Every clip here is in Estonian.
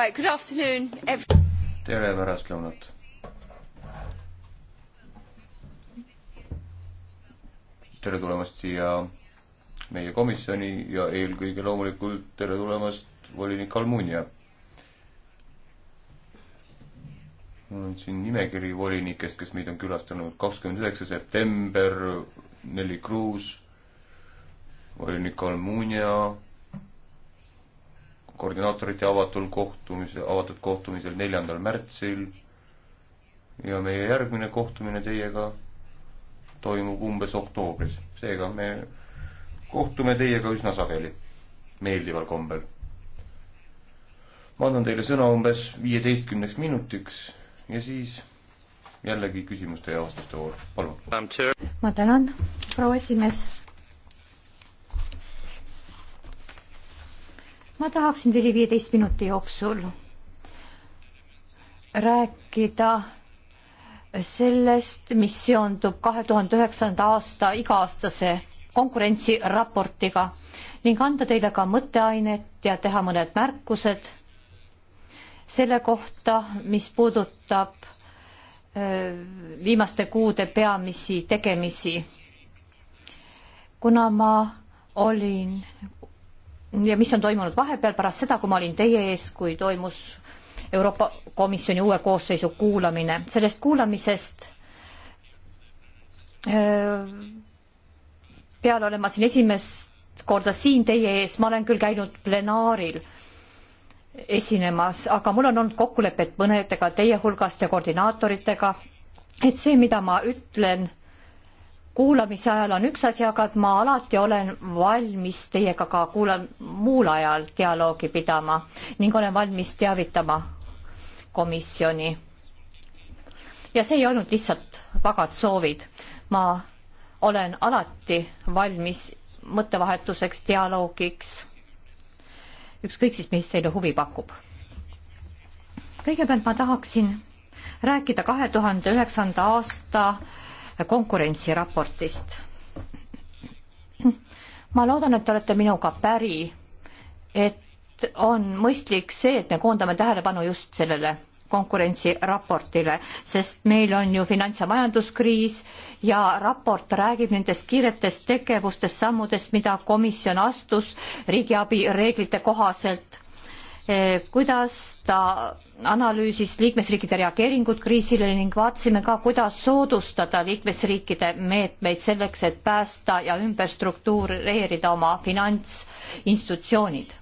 Right, good afternoon. tere pärastlõunat. tere tulemast siia meie komisjoni ja eelkõige loomulikult tere tulemast volinik Almunia. mul on siin nimekiri volinikest, kes meid on külastanud kakskümmend üheksa september, Nelli Kruus, volinik Almunia koordinaatorite avatul kohtumisel, avatud kohtumisel neljandal märtsil ja meie järgmine kohtumine teiega toimub umbes oktoobris, seega me kohtume teiega üsna sageli, meeldival kombel. ma annan teile sõna umbes viieteistkümneks minutiks ja siis jällegi küsimuste ja vastuste voor, palun. ma tänan, proua esimees ma tahaksin teile viieteist minuti jooksul rääkida sellest, mis seondub kahe tuhande üheksanda aasta iga-aastase konkurentsiraportiga ning anda teile ka mõtteainet ja teha mõned märkused selle kohta, mis puudutab viimaste kuude peamisi tegemisi. kuna ma olin ja mis on toimunud vahepeal pärast seda, kui ma olin teie ees, kui toimus Euroopa Komisjoni uue koosseisu kuulamine. sellest kuulamisest peale olen ma siin esimest korda siin teie ees, ma olen küll käinud plenaaril esinemas, aga mul on olnud kokkulepped mõnedega teie hulgast ja koordinaatoritega, et see, mida ma ütlen kuulamise ajal on üks asi, aga et ma alati olen valmis teiega ka kuula-, muul ajal dialoogi pidama ning olen valmis teavitama komisjoni. ja see ei olnud lihtsalt vagad soovid. ma olen alati valmis mõttevahetuseks, dialoogiks, ükskõik siis, mis teile huvi pakub. kõigepealt ma tahaksin rääkida kahe tuhande üheksanda aasta äh, konkurentsiraportist. ma loodan, et te olete minuga päri, et on mõistlik see, et me koondame tähelepanu just sellele konkurentsiraportile, sest meil on ju finants- ja majanduskriis ja raport räägib nendest kiiretest tegevustest, sammudest, mida komisjon astus riigiabi reeglite kohaselt. Eh, kuidas ta analüüsis liikmesriikide reageeringut kriisile ning vaatasime ka, kuidas soodustada liikmesriikide meetmeid selleks, et päästa ja ümber struktureerida oma finantsinstitutsioonid.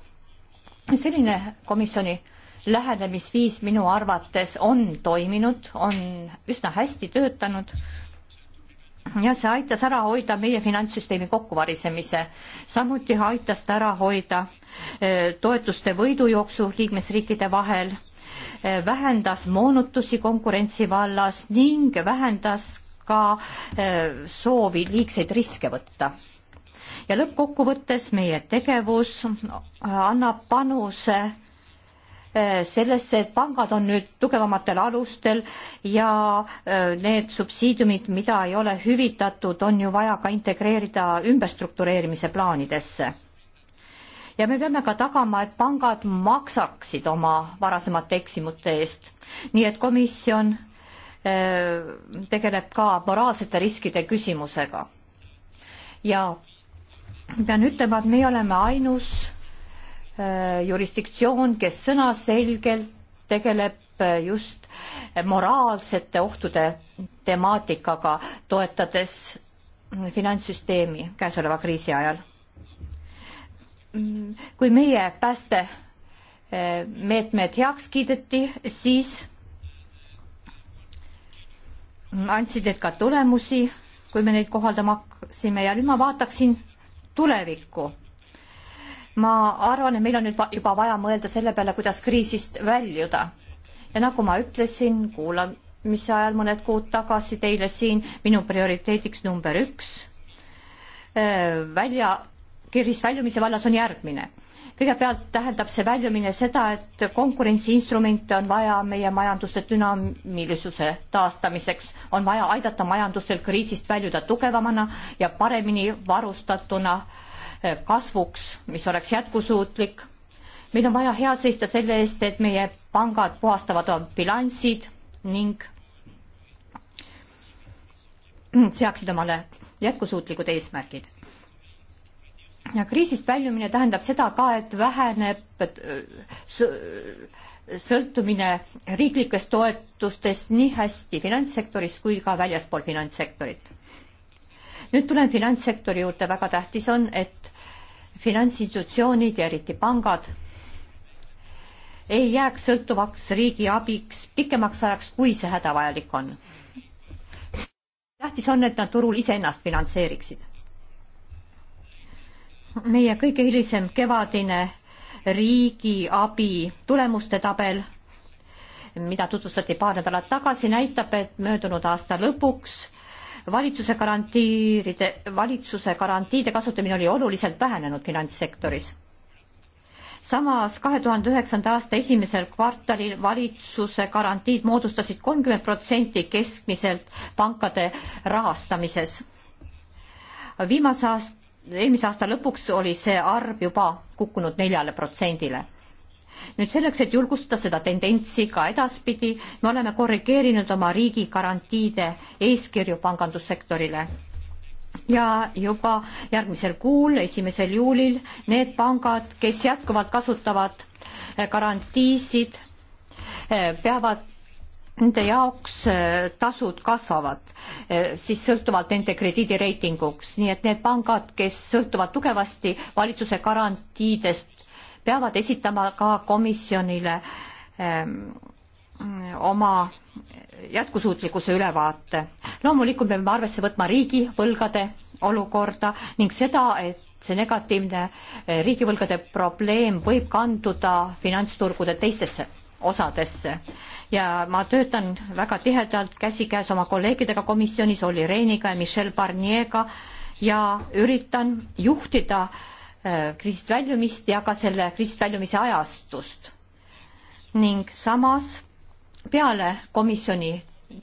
selline komisjoni lähenemisviis minu arvates on toiminud, on üsna hästi töötanud ja see aitas ära hoida meie finantssüsteemi kokkuvarisemise. samuti aitas ta ära hoida eh, toetuste võidujooksu liikmesriikide vahel Eh, vähendas moonutusi konkurentsi vallas ning vähendas ka eh, soovi liigseid riske võtta. ja lõppkokkuvõttes meie tegevus eh, annab panuse sellesse, et pangad on nüüd tugevamatel alustel ja need subsiidiumid, mida ei ole hüvitatud, on ju vaja ka integreerida ümberstruktureerimise plaanidesse ja me peame ka tagama, et pangad maksaksid oma varasemate eksimute eest. nii et komisjon äh, tegeleb ka moraalsete riskide küsimusega. ja pean ütlema, et meie oleme ainus äh, jurisdiktsioon, kes sõnaselgelt tegeleb äh, just moraalsete ohtude temaatikaga, toetades mm, finantssüsteemi käesoleva kriisi ajal kui meie päästemeetmed eh, heaks kiideti, siis andsid need ka tulemusi, kui me neid kohaldama hakkasime ja nüüd ma vaataksin tulevikku. ma arvan, et meil on nüüd juba vaja mõelda selle peale, kuidas kriisist väljuda. ja nagu ma ütlesin, kuulamise ajal mõned kuud tagasi teile siin minu prioriteediks number üks eh, välja kirjist väljumise vallas on järgmine. kõigepealt tähendab see väljumine seda, et konkurentsiinstrumente on vaja meie majanduste dünaamilisuse taastamiseks, on vaja aidata majandusel kriisist väljuda tugevamana ja paremini varustatuna eh, kasvuks, mis oleks jätkusuutlik. meil on vaja hea seista selle eest, et meie pangad puhastavad oma bilansid ning seaksid omale jätkusuutlikud eesmärgid ja kriisist väljumine tähendab seda ka, et väheneb sõltumine riiklikest toetustest nii hästi finantssektoris kui ka väljaspool finantssektorit. nüüd tulen finantssektori juurde, väga tähtis on, et finantsinstitutsioonid ja eriti pangad ei jääks sõltuvaks riigi abiks pikemaks ajaks, kui see hädavajalik on. tähtis on, et nad turul iseennast finantseeriksid meie kõige hilisem kevadine riigiabi tulemuste tabel, mida tutvustati paar nädalat tagasi, näitab, et möödunud aasta lõpuks valitsuse garantiiride, valitsuse garantiide kasutamine oli oluliselt vähenenud finantssektoris. samas kahe tuhande üheksanda aasta esimesel kvartalil valitsuse garantiid moodustasid kolmkümmend protsenti keskmiselt pankade rahastamises. viimase aasta eelmise aasta lõpuks oli see arv juba kukkunud neljale protsendile nüüd selleks, et julgustada seda tendentsi ka edaspidi, me oleme korrigeerinud oma riigi garantiide eeskirju pangandussektorile. ja juba järgmisel kuul, esimesel juulil, need pangad, kes jätkuvalt kasutavad garantiisid, peavad nende jaoks äh, tasud kasvavad äh, siis sõltuvalt nende krediidireitinguks, nii et need pangad, kes sõltuvad tugevasti valitsuse garantiidest, peavad esitama ka komisjonile ähm, oma jätkusuutlikkuse ülevaate. loomulikult me peame arvesse võtma riigivõlgade olukorda ning seda, et see negatiivne äh, riigivõlgade probleem võib kanduda finantsturgude teistesse osadesse ja ma töötan väga tihedalt käsikäes oma kolleegidega komisjonis, Olli Reiniga ja Michel Barnier'ga ja üritan juhtida äh, kriisist väljumist ja ka selle kriisist väljumise ajastust. ning samas peale komisjoni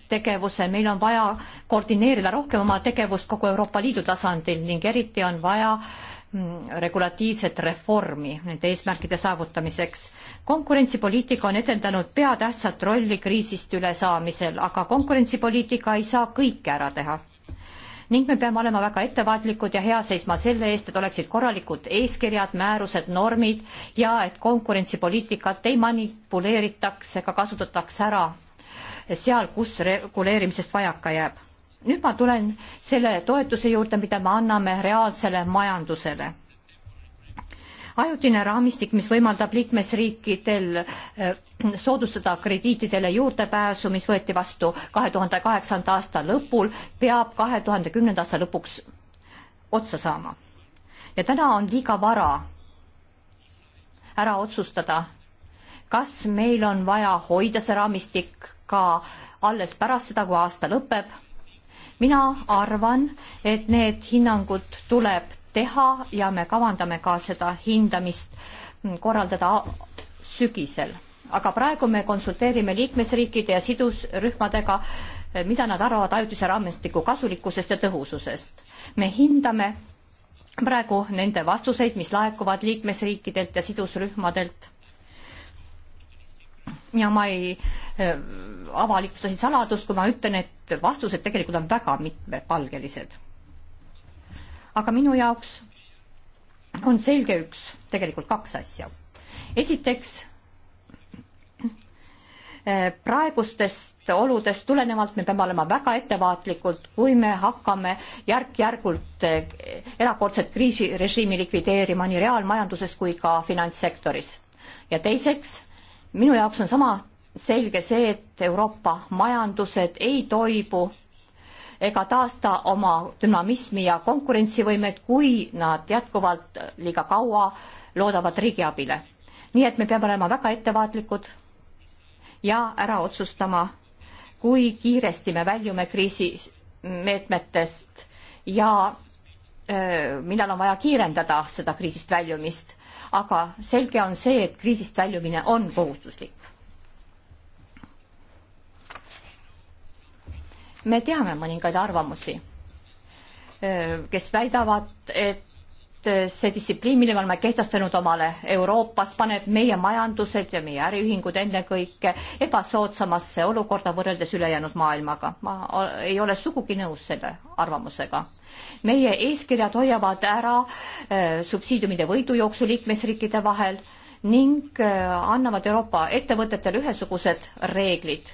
tegevuse meil on vaja koordineerida rohkem oma tegevust kogu Euroopa Liidu tasandil ning eriti on vaja äh, Mm, regulatiivset reformi nende eesmärkide saavutamiseks. konkurentsipoliitika on etendanud peatähtsat rolli kriisist ülesaamisel, aga konkurentsipoliitika ei saa kõike ära teha. ning me peame olema väga ettevaatlikud ja hea seisma selle eest, et oleksid korralikud eeskirjad, määrused, normid ja et konkurentsipoliitikat ei manipuleeritaks ega ka kasutataks ära seal, kus reguleerimisest vajaka jääb nüüd ma tulen selle toetuse juurde, mida me anname reaalsele majandusele. ajutine raamistik, mis võimaldab liikmesriikidel äh, soodustada krediitidele juurdepääsu, mis võeti vastu kahe tuhande kaheksanda aasta lõpul, peab kahe tuhande kümnenda aasta lõpuks otsa saama. ja täna on liiga vara ära otsustada, kas meil on vaja hoida see raamistik ka alles pärast seda, kui aasta lõpeb mina arvan, et need hinnangud tuleb teha ja me kavandame ka seda hindamist korraldada sügisel. aga praegu me konsulteerime liikmesriikide ja sidusrühmadega, mida nad arvavad ajutise raamistiku kasulikkusest ja tõhususest. me hindame praegu nende vastuseid, mis laekuvad liikmesriikidelt ja sidusrühmadelt ja ma ei äh, avalikusta siin saladust, kui ma ütlen, et vastused tegelikult on väga mitmepalgelised. aga minu jaoks on selge üks, tegelikult kaks asja. esiteks, äh, praegustest oludest tulenevalt me peame olema väga ettevaatlikud, kui me hakkame järk-järgult äh, erakordset kriisirežiimi likvideerima nii reaalmajanduses kui ka finantssektoris. ja teiseks minu jaoks on sama selge see, et Euroopa majandused ei toibu ega taasta oma dünamismi ja konkurentsivõimet, kui nad jätkuvalt liiga kaua loodavad riigiabile. nii et me peame olema väga ettevaatlikud ja ära otsustama, kui kiiresti me väljume kriisimeetmetest ja millal on vaja kiirendada seda kriisist väljumist aga selge on see, et kriisist väljumine on kohustuslik. me teame mõningaid arvamusi, kes väidavad, et Äh, see distsipliin, mille me oleme kehtestanud omale Euroopas, paneb meie majandused ja meie äriühingud ennekõike ebasoodsamasse olukorda võrreldes ülejäänud maailmaga. ma ei ole sugugi nõus selle arvamusega. meie eeskirjad hoiavad ära äh, subsiidiumide võidujooksu liikmesriikide vahel ning äh, annavad Euroopa ettevõtetele ühesugused reeglid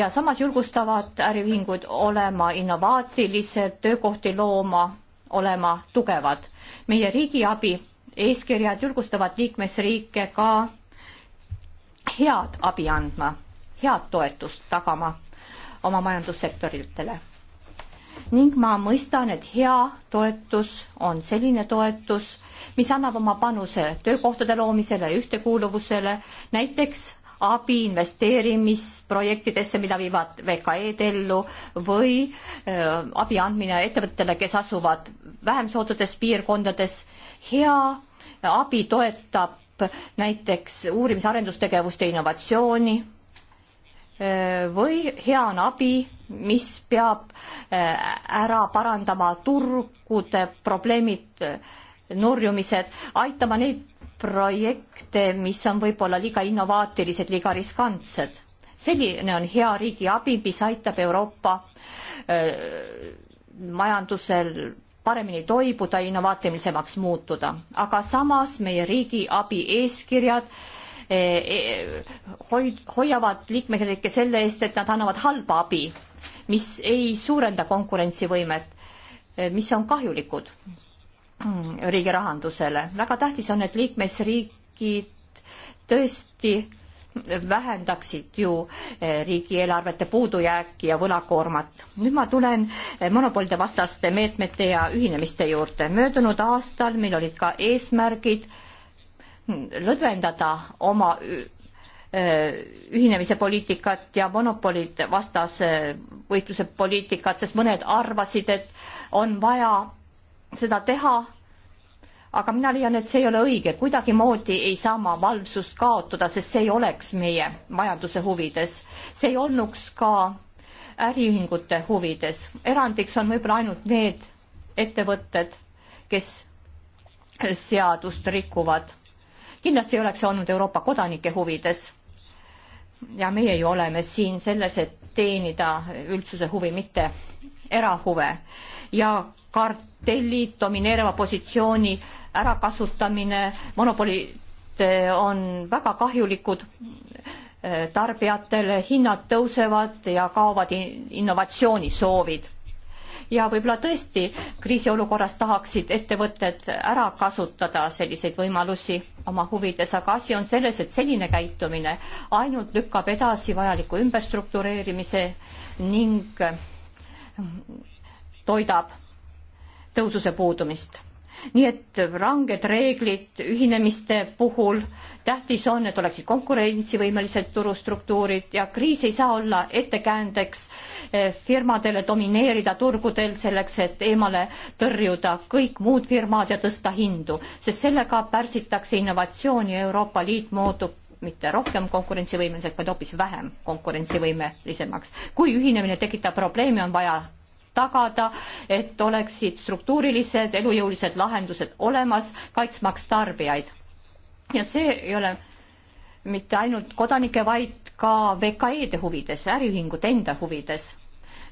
ja samas julgustavad äriühingud olema innovaatilised, töökohti looma olema tugevad. meie riigiabi eeskirjad julgustavad liikmesriike ka head abi andma, head toetust tagama oma majandussektoritele. ning ma mõistan, et hea toetus on selline toetus, mis annab oma panuse töökohtade loomisele, ühtekuuluvusele, näiteks abi investeerimisprojektidesse, mida viivad VKE-d ellu või äh, abi andmine ettevõtetele, kes asuvad vähem soodsates piirkondades. hea abi toetab näiteks uurimis- ja arendustegevust ja innovatsiooni äh, või hea on abi, mis peab äh, ära parandama turgude probleemid, nurjumised, aitama neid projekte, mis on võib-olla liiga innovaatilised, liiga riskantsed. selline on hea riigi abi, mis aitab Euroopa öö, majandusel paremini toibuda, innovaatilisemaks muutuda, aga samas meie riigi abi eeskirjad eh, eh, hoid-, hoiavad liikmekirjanikke selle eest, et nad annavad halba abi, mis ei suurenda konkurentsivõimet, mis on kahjulikud Mm, riigi rahandusele. väga tähtis on, et liikmesriigid tõesti vähendaksid ju eh, riigieelarvete puudujääki ja võlakoormat. nüüd ma tulen eh, monopolide vastaste meetmete ja ühinemiste juurde. möödunud aastal meil olid ka eesmärgid mm, lõdvendada oma eh, ühinemise poliitikat ja monopolid vastase võitluse poliitikat, sest mõned arvasid, et on vaja seda teha. aga mina leian, et see ei ole õige, kuidagimoodi ei saa ma valvsust kaotada, sest see ei oleks meie majanduse huvides. see ei olnuks ka äriühingute huvides. erandiks on võib-olla ainult need ettevõtted, kes seadust rikuvad. kindlasti ei oleks see olnud Euroopa kodanike huvides. ja meie ju oleme siin selles, et teenida üldsuse huvi, mitte erahuve. ja kartellid, domineeriva positsiooni ärakasutamine, monopolid eh, on väga kahjulikud eh, tarbijatele, hinnad tõusevad ja kaovad innovatsioonisoovid. ja võib-olla tõesti kriisiolukorras tahaksid ettevõtted ära kasutada selliseid võimalusi oma huvides, aga asi on selles, et selline käitumine ainult lükkab edasi vajaliku ümberstruktureerimise ning toidab tõhususe puudumist. nii et ranged reeglid ühinemiste puhul, tähtis on, et oleksid konkurentsivõimelised turustruktuurid ja kriis ei saa olla ettekäändeks eh, firmadele domineerida turgudel selleks, et eemale tõrjuda kõik muud firmad ja tõsta hindu, sest sellega pärsitakse innovatsiooni ja Euroopa Liit muutub mitte rohkem konkurentsivõimeliseks, vaid hoopis vähem konkurentsivõimelisemaks. kui ühinemine tekitab probleeme, on vaja tagada, et oleksid struktuurilised elujõulised lahendused olemas, kaitsmaks tarbijaid. ja see ei ole mitte ainult kodanike, vaid ka VKE-de huvides, äriühingute enda huvides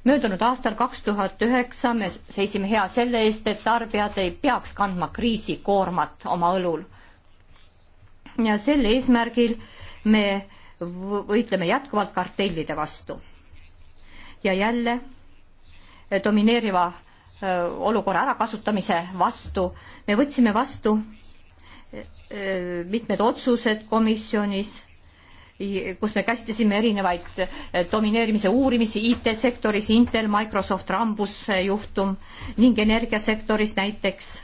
möödunud aastal kaks tuhat üheksa me seisime hea selle eest, et tarbijad ei peaks kandma kriisikoormat oma õlul. ja sel eesmärgil me võitleme jätkuvalt kartellide vastu. ja jälle domineeriva olukorra ärakasutamise vastu. me võtsime vastu mitmed otsused komisjonis, kus me käsitlesime erinevaid domineerimise uurimisi IT-sektoris, Intel, Microsoft, Rambus juhtum ning energiasektoris näiteks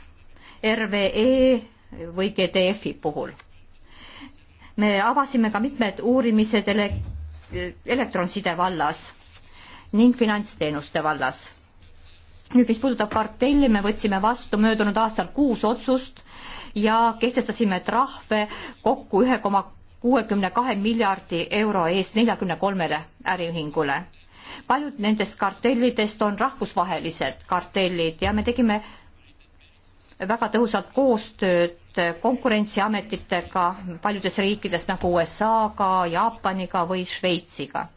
RVE või GDF-i puhul. me avasime ka mitmed uurimised ele elektronsidevallas ning finantsteenuste vallas. nüüd, mis puudutab kartelli, me võtsime vastu möödunud aastal kuus otsust ja kehtestasime trahve kokku ühe koma kuuekümne kahe miljardi euro eest neljakümne kolmele äriühingule. paljud nendest kartellidest on rahvusvahelised kartellid ja me tegime väga tõhusalt koostööd konkurentsiametitega paljudes riikides nagu USA-ga, Jaapaniga või Šveitsiga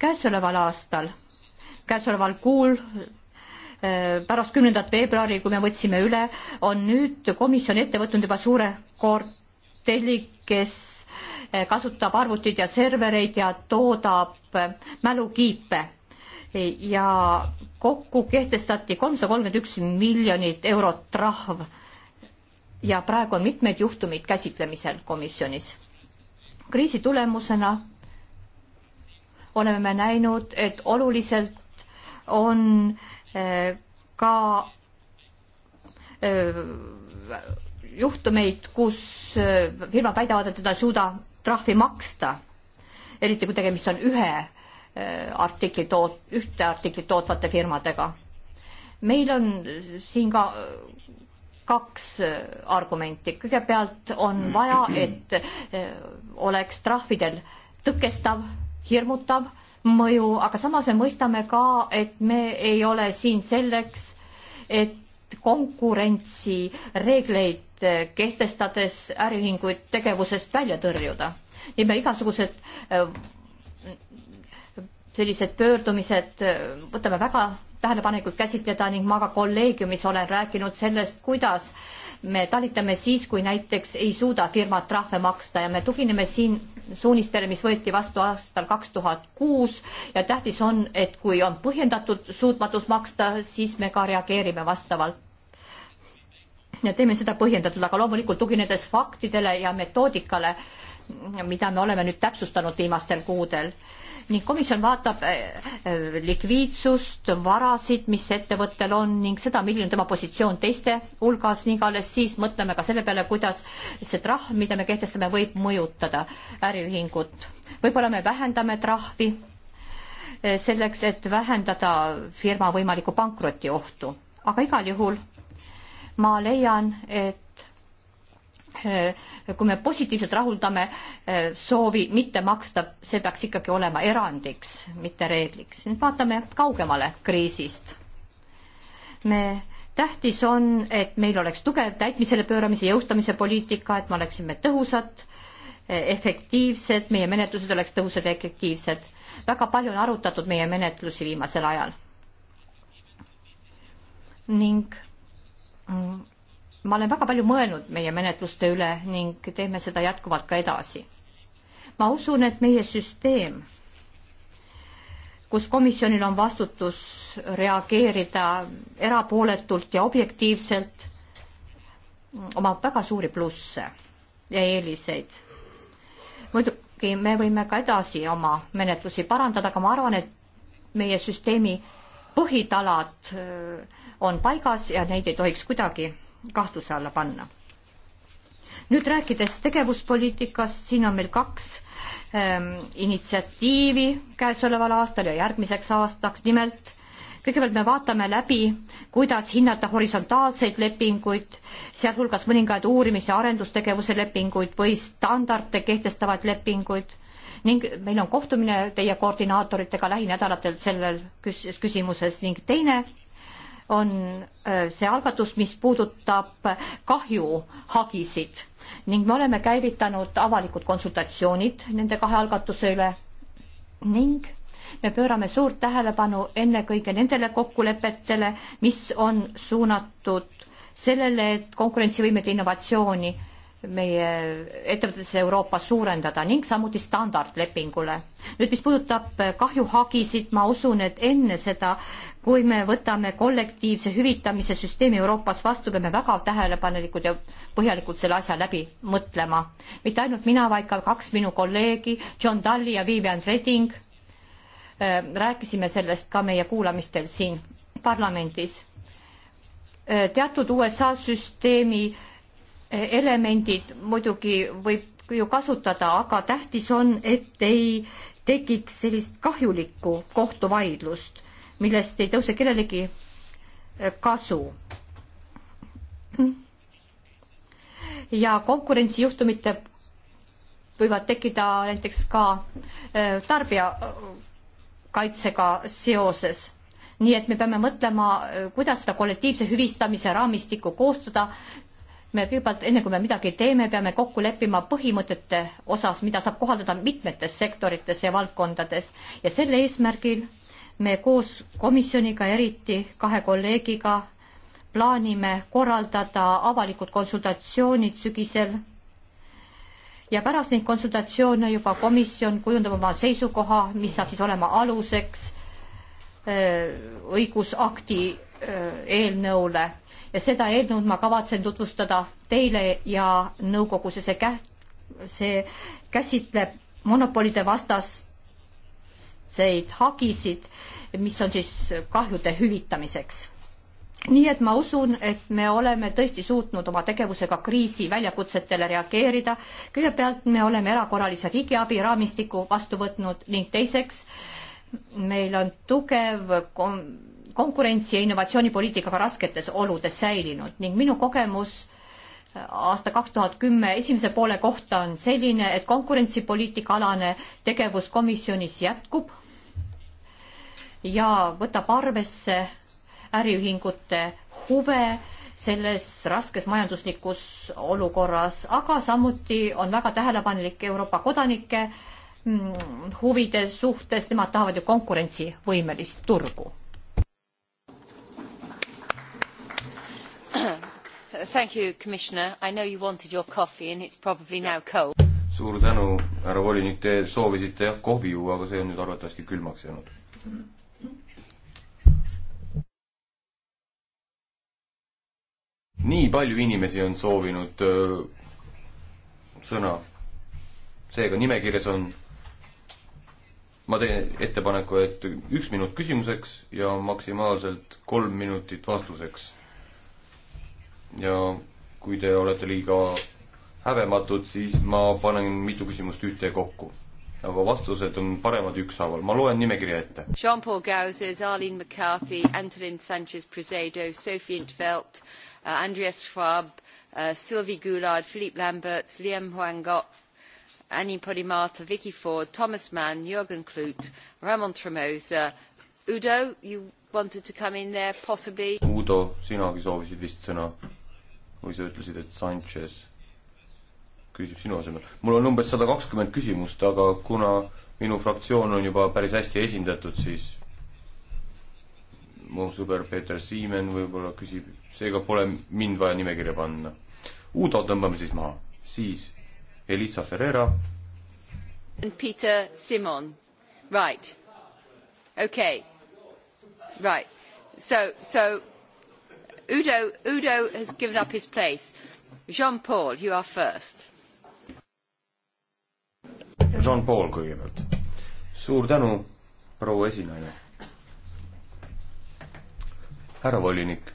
käesoleval aastal, käesoleval kuul eh, pärast kümnendat veebruari, kui me võtsime üle, on nüüd komisjon ette võtnud juba suure korteli, kes eh, kasutab arvuteid ja servereid ja toodab eh, mälukiipe. ja kokku kehtestati kolmsada kolmkümmend üks miljonit eurot trahv. ja praegu on mitmed juhtumid käsitlemisel komisjonis. kriisi tulemusena oleme me näinud, et oluliselt on eh, ka eh, juhtumeid, kus eh, firmad väidavad, et nad ei suuda trahvi maksta, eriti kui tegemist on ühe artikli toot-, ühte artiklit tootvate firmadega. meil on siin ka kaks argumenti, kõigepealt on vaja, et oleks trahvidel tõkestav hirmutav mõju, aga samas me mõistame ka, et me ei ole siin selleks, et konkurentsireegleid kehtestades äriühinguid tegevusest välja tõrjuda. nii me igasugused äh, sellised pöördumised äh, võtame väga tähelepanelikult käsitleda ning ma ka kolleegiumis olen rääkinud sellest, kuidas me talitame siis, kui näiteks ei suuda firmad trahve maksta ja me tugineme siin suunistele, mis võeti vastu aastal kaks tuhat kuus ja tähtis on, et kui on põhjendatud suutmatus maksta, siis me ka reageerime vastavalt. ja teeme seda põhjendatult, aga loomulikult tuginedes faktidele ja metoodikale mida me oleme nüüd täpsustanud viimastel kuudel ning komisjon vaatab eh, eh, likviidsust, varasid, mis ettevõttel on ning seda, milline on tema positsioon teiste hulgas ning alles siis mõtleme ka selle peale, kuidas see trahv, mida me kehtestame, võib mõjutada äriühingut. võib-olla me vähendame trahvi eh, selleks, et vähendada firma võimalikku pankrotiohtu, aga igal juhul ma leian, et Äh, kui me positiivselt rahuldame äh, soovi mitte maksta, see peaks ikkagi olema erandiks, mitte reegliks. nüüd vaatame kaugemale kriisist. me, tähtis on, et meil oleks tugev täitmisele pööramise, jõustamise poliitika, et me oleksime tõhusad, äh, efektiivsed, meie menetlused oleks tõhusad ja efektiivsed. väga palju on arutatud meie menetlusi viimasel ajal. ning mm, ma olen väga palju mõelnud meie menetluste üle ning teeme seda jätkuvalt ka edasi. ma usun, et meie süsteem, kus komisjonil on vastutus reageerida erapooletult ja objektiivselt, omab väga suuri plusse ja eeliseid. muidugi me võime ka edasi oma menetlusi parandada, aga ma arvan, et meie süsteemi põhitalad äh, on paigas ja neid ei tohiks kuidagi kahtluse alla panna. nüüd rääkides tegevuspoliitikast, siin on meil kaks ähm, initsiatiivi käesoleval aastal ja järgmiseks aastaks, nimelt kõigepealt me vaatame läbi, kuidas hinnata horisontaalseid lepinguid, sealhulgas mõningaid uurimis- ja arendustegevuse lepinguid või standarde kehtestavaid lepinguid ning meil on kohtumine teie koordinaatoritega lähinädalatel sellel küsimuses ning teine on äh, see algatus, mis puudutab äh, kahjuhagisid ning me oleme käivitanud avalikud konsultatsioonid nende kahe algatuse üle ning me pöörame suurt tähelepanu ennekõike nendele kokkulepetele, mis on suunatud sellele, et konkurentsivõimet ja innovatsiooni meie ettevõtetes Euroopas suurendada ning samuti standardlepingule. nüüd, mis puudutab äh, kahjuhagisid, ma usun, et enne seda, kui me võtame kollektiivse hüvitamise süsteemi Euroopas vastu, peame väga tähelepanelikud ja põhjalikult selle asja läbi mõtlema. mitte ainult mina, vaid ka kaks minu kolleegi, John Talli ja Vivian Reding, äh, rääkisime sellest ka meie kuulamistel siin parlamendis. Äh, teatud USA süsteemi äh, elemendid muidugi võib ju kasutada, aga tähtis on, et ei tekiks sellist kahjulikku kohtuvaidlust, millest ei tõuse kellelegi eh, kasu. ja konkurentsijuhtumite võivad tekkida näiteks ka eh, tarbijakaitsega seoses nii et me peame mõtlema, eh, kuidas seda kollektiivse hüvistamise raamistikku koostada, me kõigepealt, enne kui me midagi teeme, peame kokku leppima põhimõtete osas, mida saab kohaldada mitmetes sektorites ja valdkondades ja sel eesmärgil me koos komisjoniga, eriti kahe kolleegiga, plaanime korraldada avalikud konsultatsioonid sügisel. ja pärast neid konsultatsioone juba komisjon kujundab oma seisukoha, mis saab siis olema aluseks öö, äh, õigusakti Äh, eelnõule ja seda eelnõud ma kavatsen tutvustada teile ja nõukogus ja see käht-, see käsitleb monopolide vastaseid hagisid, mis on siis kahjude hüvitamiseks. nii et ma usun, et me oleme tõesti suutnud oma tegevusega kriisi väljakutsetele reageerida. kõigepealt me oleme erakorralise riigiabi raamistiku vastu võtnud ning teiseks meil on tugev kom-, konkurentsi ja innovatsioonipoliitikaga rasketes oludes säilinud ning minu kogemus äh, aasta kaks tuhat kümme esimese poole kohta on selline, et konkurentsipoliitika alane tegevus komisjonis jätkub ja võtab arvesse äriühingute huve selles raskes majanduslikus olukorras, aga samuti on väga tähelepanelik Euroopa kodanike mm, huvide suhtes, nemad tahavad ju konkurentsivõimelist turgu. Thank you, Commissioner. I know you wanted your coffee and it's probably now cold. suur tänu, härra volinik, te soovisite jah kohvi juua, aga see on nüüd arvatavasti külmaks jäänud. nii palju inimesi on soovinud öö, äh, sõna. seega nimekirjas on, ma teen ettepaneku, et üks minut küsimuseks ja maksimaalselt kolm minutit vastuseks ja kui te olete liiga häbematud, siis ma panen mitu küsimust ühte kokku. aga vastused on paremad ükshaaval, ma loen nimekirja ette. Jean-Paul Gauzes, Arlene McCarthy, Antolin Sanchez Presedo, Sophie Intvelt uh,, Andreas Schwab uh,, Sylvie Goulard, Philippe Lamberts, Liam Huangot, Annie Podimata, Vicky Ford, Thomas Mann, Jürgen Klut, Ramon Tremosa, Udo, you wanted to come in there possibly? Udo, sinagi soovisid vist sõna või sa ütlesid, et Sanchez küsib sinu asemel. mul on umbes sada kakskümmend küsimust, aga kuna minu fraktsioon on juba päris hästi esindatud, siis mu sõber Peeter Siimen võib-olla küsib, seega pole mind vaja nimekirja panna. Udo tõmbame siis maha, siis Elisa Ferreira. Peter Simon, right, okei okay., right, so, so Udo, Udo has given up his place. Jean-Paul, you are first. Jean-Paul kõigepealt. suur tänu, proua esinaine. härra volinik,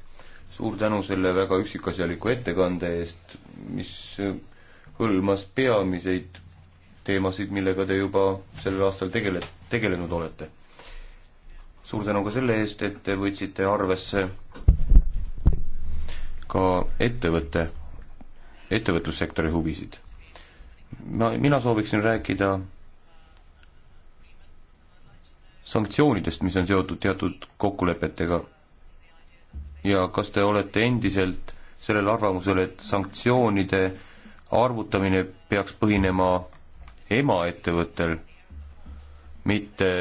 suur tänu selle väga üksikasjaliku ettekande eest, mis hõlmas peamiseid teemasid, millega te juba sellel aastal tegele, tegelenud olete. suur tänu ka selle eest, et te võtsite arvesse ka ettevõtte, ettevõtlussektori huvisid. ma, mina sooviksin rääkida sanktsioonidest, mis on seotud teatud kokkulepetega. ja kas te olete endiselt sellel arvamusel, et sanktsioonide arvutamine peaks põhinema emaettevõttel, mitte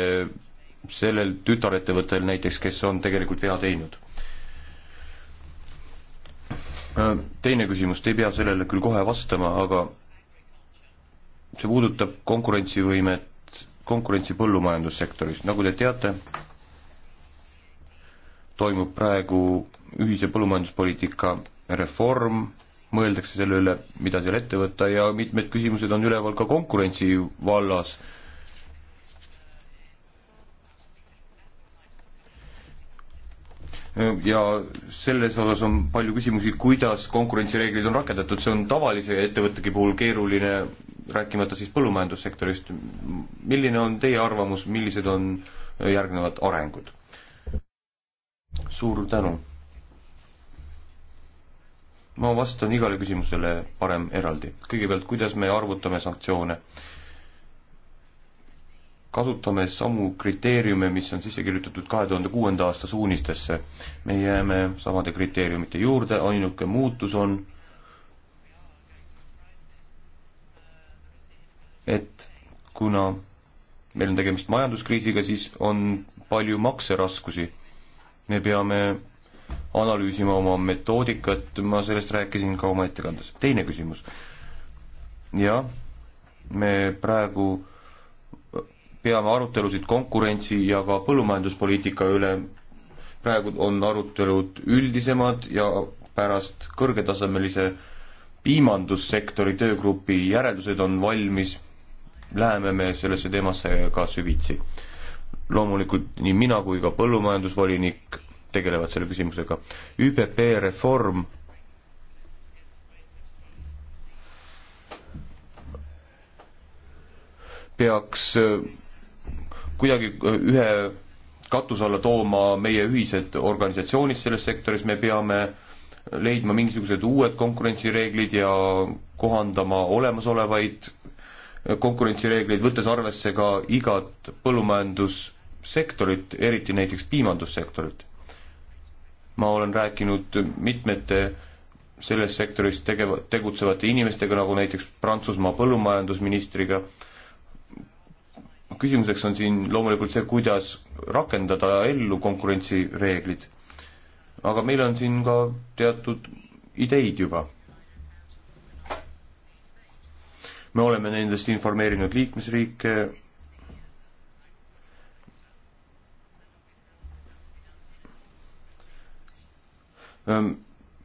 sellel tütarettevõttel näiteks, kes on tegelikult vea teinud? Äh, teine küsimus, te ei pea sellele küll kohe vastama, aga see puudutab konkurentsivõimet, konkurentsi põllumajandussektoris, nagu te teate, toimub praegu ühise põllumajanduspoliitika reform, mõeldakse selle üle, mida seal ette võtta ja mitmed küsimused on üleval ka konkurentsi vallas ja selles osas on palju küsimusi, kuidas konkurentsireeglid on rakendatud, see on tavalise ettevõttegi puhul keeruline, rääkimata siis põllumajandussektorist. milline on teie arvamus, millised on järgnevad arengud? suur tänu! ma vastan igale küsimusele parem eraldi. kõigepealt, kuidas me arvutame sanktsioone? kasutame samu kriteeriume, mis on sisse kirjutatud kahe tuhande kuuenda aasta suunistesse. me jääme samade kriteeriumite juurde, ainuke muutus on, et kuna meil on tegemist majanduskriisiga, siis on palju makseraskusi. me peame analüüsima oma metoodikat, ma sellest rääkisin ka oma ettekandes. teine küsimus. jah, me praegu peame arutelusid konkurentsi ja ka põllumajanduspoliitika üle. praegu on arutelud üldisemad ja pärast kõrgetasemelise piimandussektori töögrupi järeldused on valmis, läheme me sellesse teemasse ka süvitsi. loomulikult nii mina kui ka põllumajandusvolinik tegelevad selle küsimusega. ÜPP reform peaks kuidagi äh, ühe katuse alla tooma meie ühised organisatsioonid selles sektoris, me peame leidma mingisugused uued konkurentsireeglid ja kohandama olemasolevaid äh, konkurentsireegleid, võttes arvesse ka igat põllumajandussektorit, eriti näiteks piimandussektorit. ma olen rääkinud mitmete selles sektoris tegeva, tegutsevate inimestega, nagu näiteks Prantsusmaa põllumajandusministriga, küsimuseks on siin loomulikult see, kuidas rakendada ellu konkurentsireeglid. aga meil on siin ka teatud ideid juba. me oleme nendest informeerinud liikmesriike,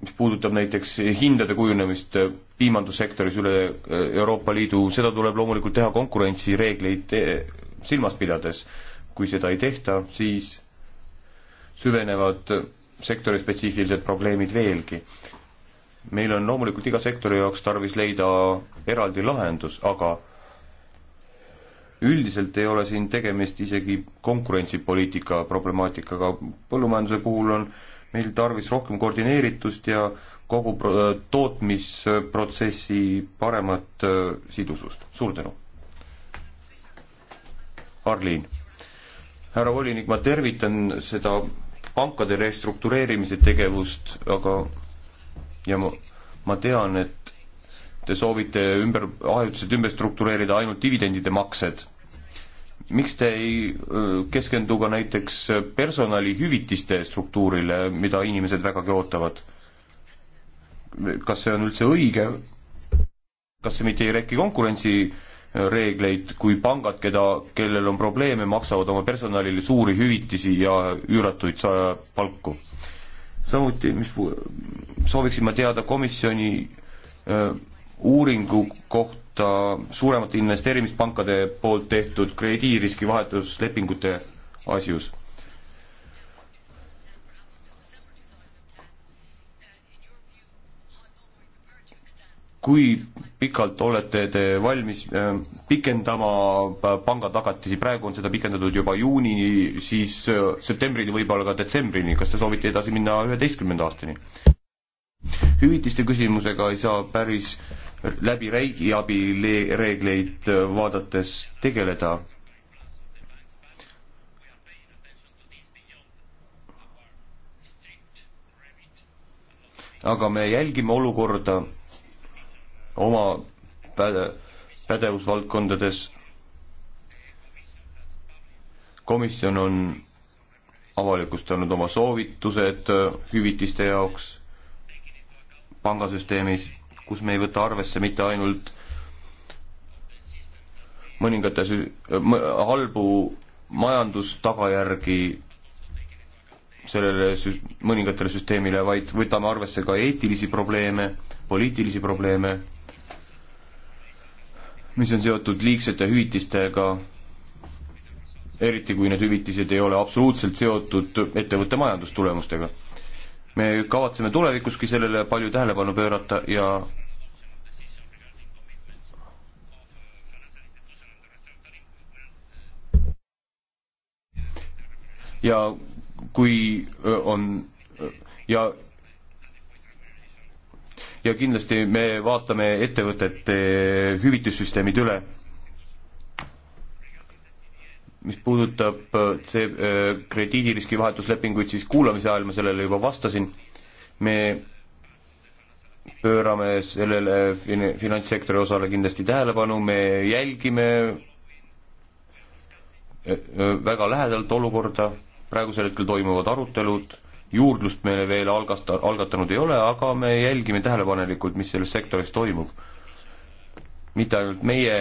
mis puudutab näiteks hindade kujunemist piimandussektoris üle äh, Euroopa Liidu, seda tuleb loomulikult teha konkurentsireegleid eh, silmas pidades. kui seda ei tehta, siis süvenevad sektori spetsiifilised probleemid veelgi. meil on loomulikult iga sektori jaoks tarvis leida eraldi lahendus, aga üldiselt ei ole siin tegemist isegi konkurentsipoliitika problemaatikaga, põllumajanduse puhul on äh, meil tarvis rohkem koordineeritust ja kogu pro-, tootmisprotsessi paremat äh, sidusust. suur tänu! Arliin, härra volinik, ma tervitan seda pankade restruktureerimise tegevust, aga ja ma, ma tean, et te soovite ümber, ajutiselt ümber struktureerida ainult dividendide maksed miks te ei keskendu ka näiteks personalihüvitiste struktuurile, mida inimesed vägagi ootavad? kas see on üldse õige? kas see mitte ei reki konkurentsireegleid, kui pangad, keda, kellel on probleeme, maksavad oma personalile suuri hüvitisi ja üüratuid palku? samuti, mis pu-, sooviksin ma teada komisjoni öö, uuringu kohta, kohta suuremate investeerimispankade poolt tehtud krediiriski vahetuslepingute asjus. kui pikalt olete te valmis äh, pikendama pangatagatisi, praegu on seda pikendatud juba juunini, siis äh, septembrini, võib-olla ka detsembrini, kas te soovite edasi minna üheteistkümnenda aastani? hüvitiste küsimusega ei saa päris äh, läbi riigiabi reegleid äh, vaadates tegeleda. aga me jälgime olukorda oma päde-, pädevusvaldkondades. komisjon on avalikustanud oma soovitused äh, hüvitiste jaoks pangasüsteemis kus me ei võta arvesse mitte ainult mõningate sü-, äh, halbu majandustagajärgi sellele sü-, mõningatele süsteemile, vaid võtame arvesse ka eetilisi probleeme, poliitilisi probleeme, mis on seotud liigsete hüvitistega, eriti kui need hüvitised ei ole absoluutselt seotud ettevõtte majandustulemustega me kavatseme tulevikuski sellele palju tähelepanu pöörata ja ja kui on ja ja kindlasti me vaatame ettevõtete hüvitissüsteemid üle mis puudutab see äh, äh, krediidiriski vahetuslepinguid, siis kuulamise ajal ma sellele juba vastasin, me pöörame sellele fin-, finantssektori osale kindlasti tähelepanu, me jälgime äh, väga lähedalt olukorda, praegusel hetkel toimuvad arutelud, juurdlust me veel algast-, algatanud ei ole, aga me jälgime tähelepanelikult, mis selles sektoris toimub mitte ainult meie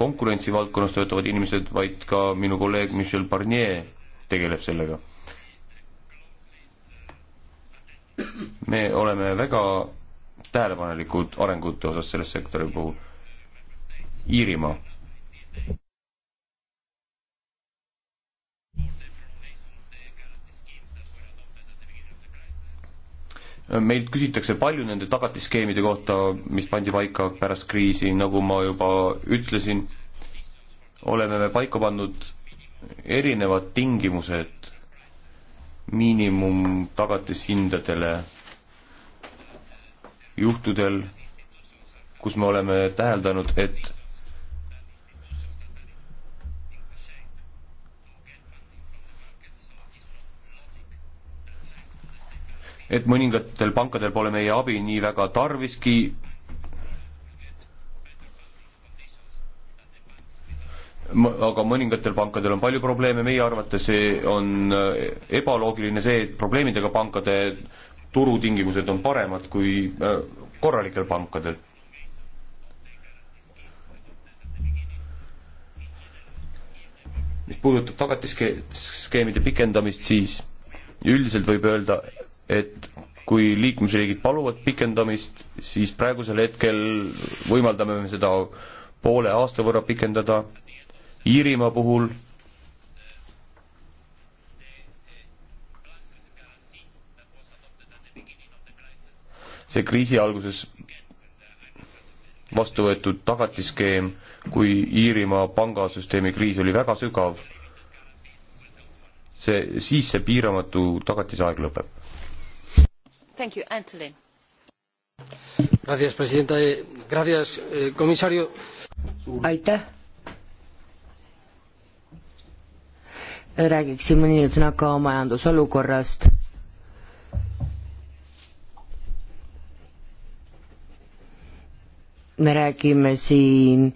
konkurentsivaldkonnas töötavad inimesed, vaid ka minu kolleeg Michel Barnier tegeleb sellega. me oleme väga tähelepanelikud arengute osas selles sektori puhul. Iirimaa meilt küsitakse palju nende tagatisskeemide kohta, mis pandi paika pärast kriisi, nagu ma juba ütlesin, oleme me paika pannud erinevad tingimused miinimumtagatishindadele juhtudel, kus me oleme täheldanud, et et mõningatel pankadel pole meie abi nii väga tarviski. aga mõningatel pankadel on palju probleeme, meie arvates see on äh, ebaloogiline see, et probleemidega pankade turutingimused on paremad kui äh, korralikel pankadel. mis puudutab tagatisskeemide pikendamist, siis üldiselt võib öelda, et kui liikmesriigid paluvad pikendamist, siis praegusel hetkel võimaldame me seda poole aasta võrra pikendada. Iirimaa puhul see kriisi alguses vastu võetud tagatiskeem, kui Iirimaa pangasüsteemi kriis oli väga sügav, see, siis see piiramatu tagatisaeg lõpeb señora presidenta eh, señor eh, comisario räägiksin mõned sõnad ka majandusolukorrast. me räägime siin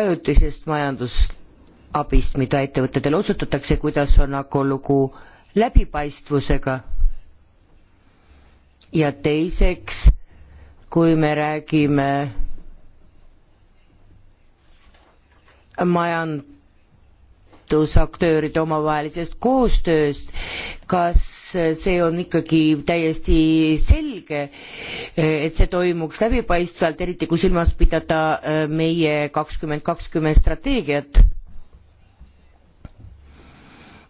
ajutisest majandusabist, mida ettevõtetele osutatakse, kuidas on aga lugu läbipaistvusega ja teiseks, kui me räägime majandusaktööride omavahelisest koostööst, kas see on ikkagi täiesti selge, et see toimuks läbipaistvalt, eriti kui silmas pidada äh, meie kakskümmend kakskümmend strateegiat?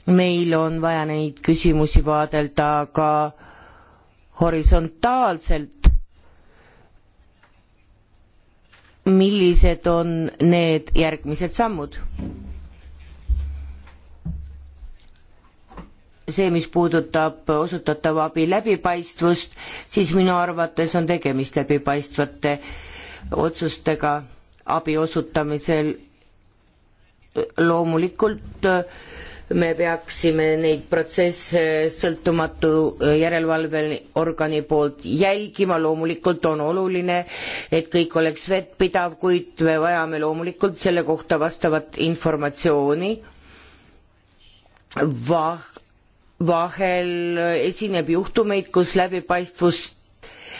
meil on vaja neid küsimusi vaadelda ka äh, horisontaalselt, millised on need järgmised sammud? see, mis puudutab osutatava abi läbipaistvust, siis minu arvates on tegemist läbipaistvate otsustega abi osutamisel loomulikult äh, me peaksime neid protsesse sõltumatu äh, järelevalveorgani poolt jälgima, loomulikult on oluline, et kõik oleks vettpidav, kuid me vajame loomulikult selle kohta vastavat informatsiooni. Vah-, vahel esineb juhtumeid, kus läbipaistvust,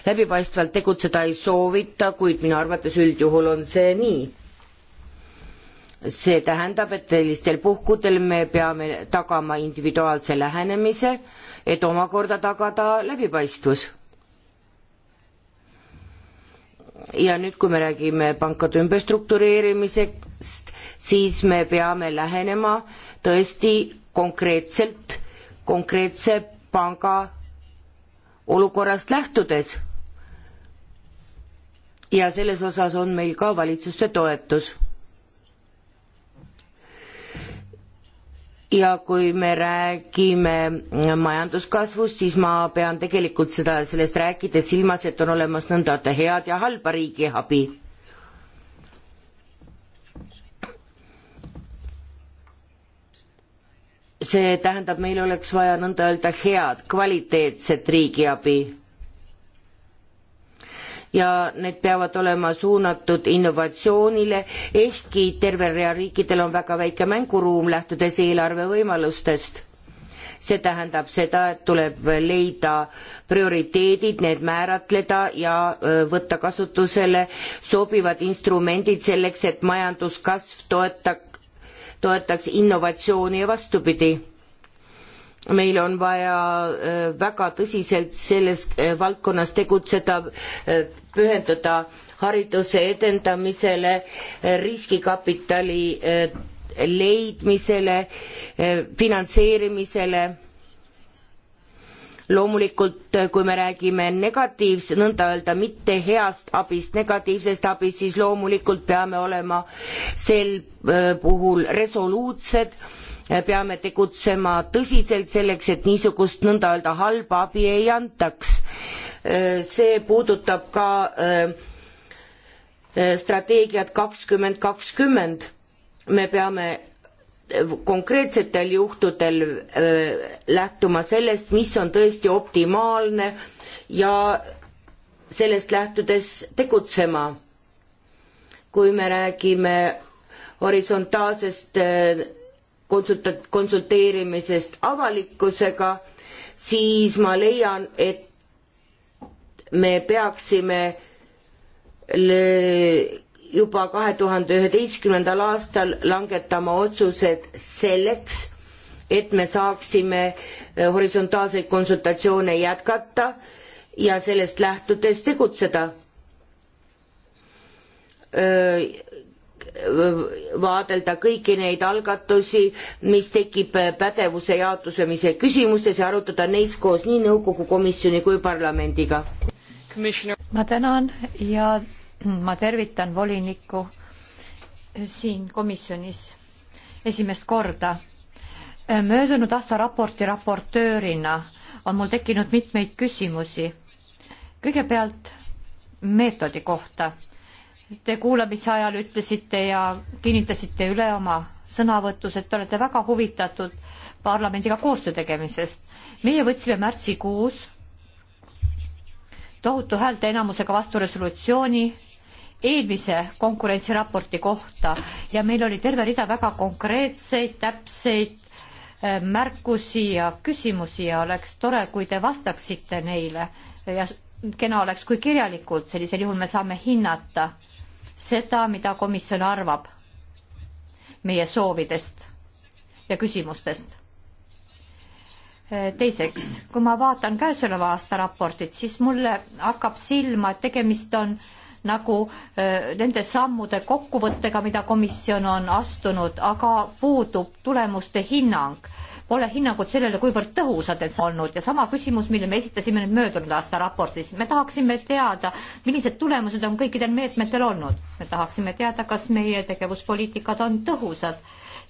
läbipaistvalt tegutseda ei soovita, kuid minu arvates üldjuhul on see nii see tähendab, et sellistel puhkudel me peame tagama individuaalse lähenemise, et omakorda tagada läbipaistvus. ja nüüd, kui me räägime pankade ümberstruktureerimisest, siis me peame lähenema tõesti konkreetselt, konkreetse panga olukorrast lähtudes. ja selles osas on meil ka valitsuste toetus ja kui me räägime majanduskasvust, siis ma pean tegelikult seda, sellest rääkides silmas, et on olemas nõnda head ja halba riigiabi. see tähendab, meil oleks vaja nõnda öelda head kvaliteetset riigiabi ja need peavad olema suunatud innovatsioonile, ehkki tervel rea riikidel on väga väike mänguruum, lähtudes eelarve võimalustest see tähendab seda, et tuleb leida prioriteedid, need määratleda ja võtta kasutusele sobivad instrumendid selleks, et majanduskasv toeta-, toetaks innovatsiooni ja vastupidi meil on vaja äh, väga tõsiselt selles äh, valdkonnas tegutseda, äh, pühenduda hariduse edendamisele, riskikapitali leidmisele, finantseerimisele loomulikult kui me räägime negatiivse nõnda öelda mitte heast abist negatiivsest abist siis loomulikult peame olema sel puhul resoluutsed peame tegutsema tõsiselt selleks, et niisugust nõnda öelda halba abi ei antaks. Äh, see puudutab ka äh, äh, strateegiat kakskümmend kakskümmend. me peame konkreetsetel juhtudel lähtuma sellest, mis on tõesti optimaalne ja sellest lähtudes tegutsema. kui me räägime horisontaalsest konsulta-, konsulteerimisest avalikkusega, siis ma leian, et me peaksime juba kahe tuhande üheteistkümnendal aastal langetama otsused selleks, et me saaksime eh, horisontaalseid konsultatsioone jätkata ja sellest lähtudes tegutseda vaadelda kõiki neid algatusi, mis tekib pädevuse jaotusemise küsimustes ja arutada neis koos nii nõukogu komisjoni kui parlamendiga. ma tänan ja ma tervitan volinikku siin komisjonis esimest korda. möödunud aasta raporti raportöörina on mul tekkinud mitmeid küsimusi. kõigepealt meetodi kohta te kuulamise ajal ütlesite ja kinnitasite üle oma sõnavõtus, et te olete väga huvitatud parlamendiga koostöö tegemisest. meie võtsime märtsikuus tohutu häälteenamusega vastu resolutsiooni eelmise konkurentsiraporti kohta ja meil oli terve rida väga konkreetseid, täpseid äh, märkusi ja küsimusi ja oleks tore, kui te vastaksite neile ja kena oleks, kui kirjalikult, sellisel juhul me saame hinnata seda, mida komisjon arvab meie soovidest ja küsimustest. teiseks, kui ma vaatan käesoleva aasta raportit, siis mulle hakkab silma, et tegemist on nagu äh, nende sammude kokkuvõttega, mida komisjon on astunud, aga puudub tulemuste hinnang pole hinnangut sellele, kuivõrd tõhusad need olnud ja sama küsimus, mille me esitasime nüüd möödunud aasta raportis, me tahaksime teada, millised tulemused on kõikidel meetmetel olnud. me tahaksime teada, kas meie tegevuspoliitikad on tõhusad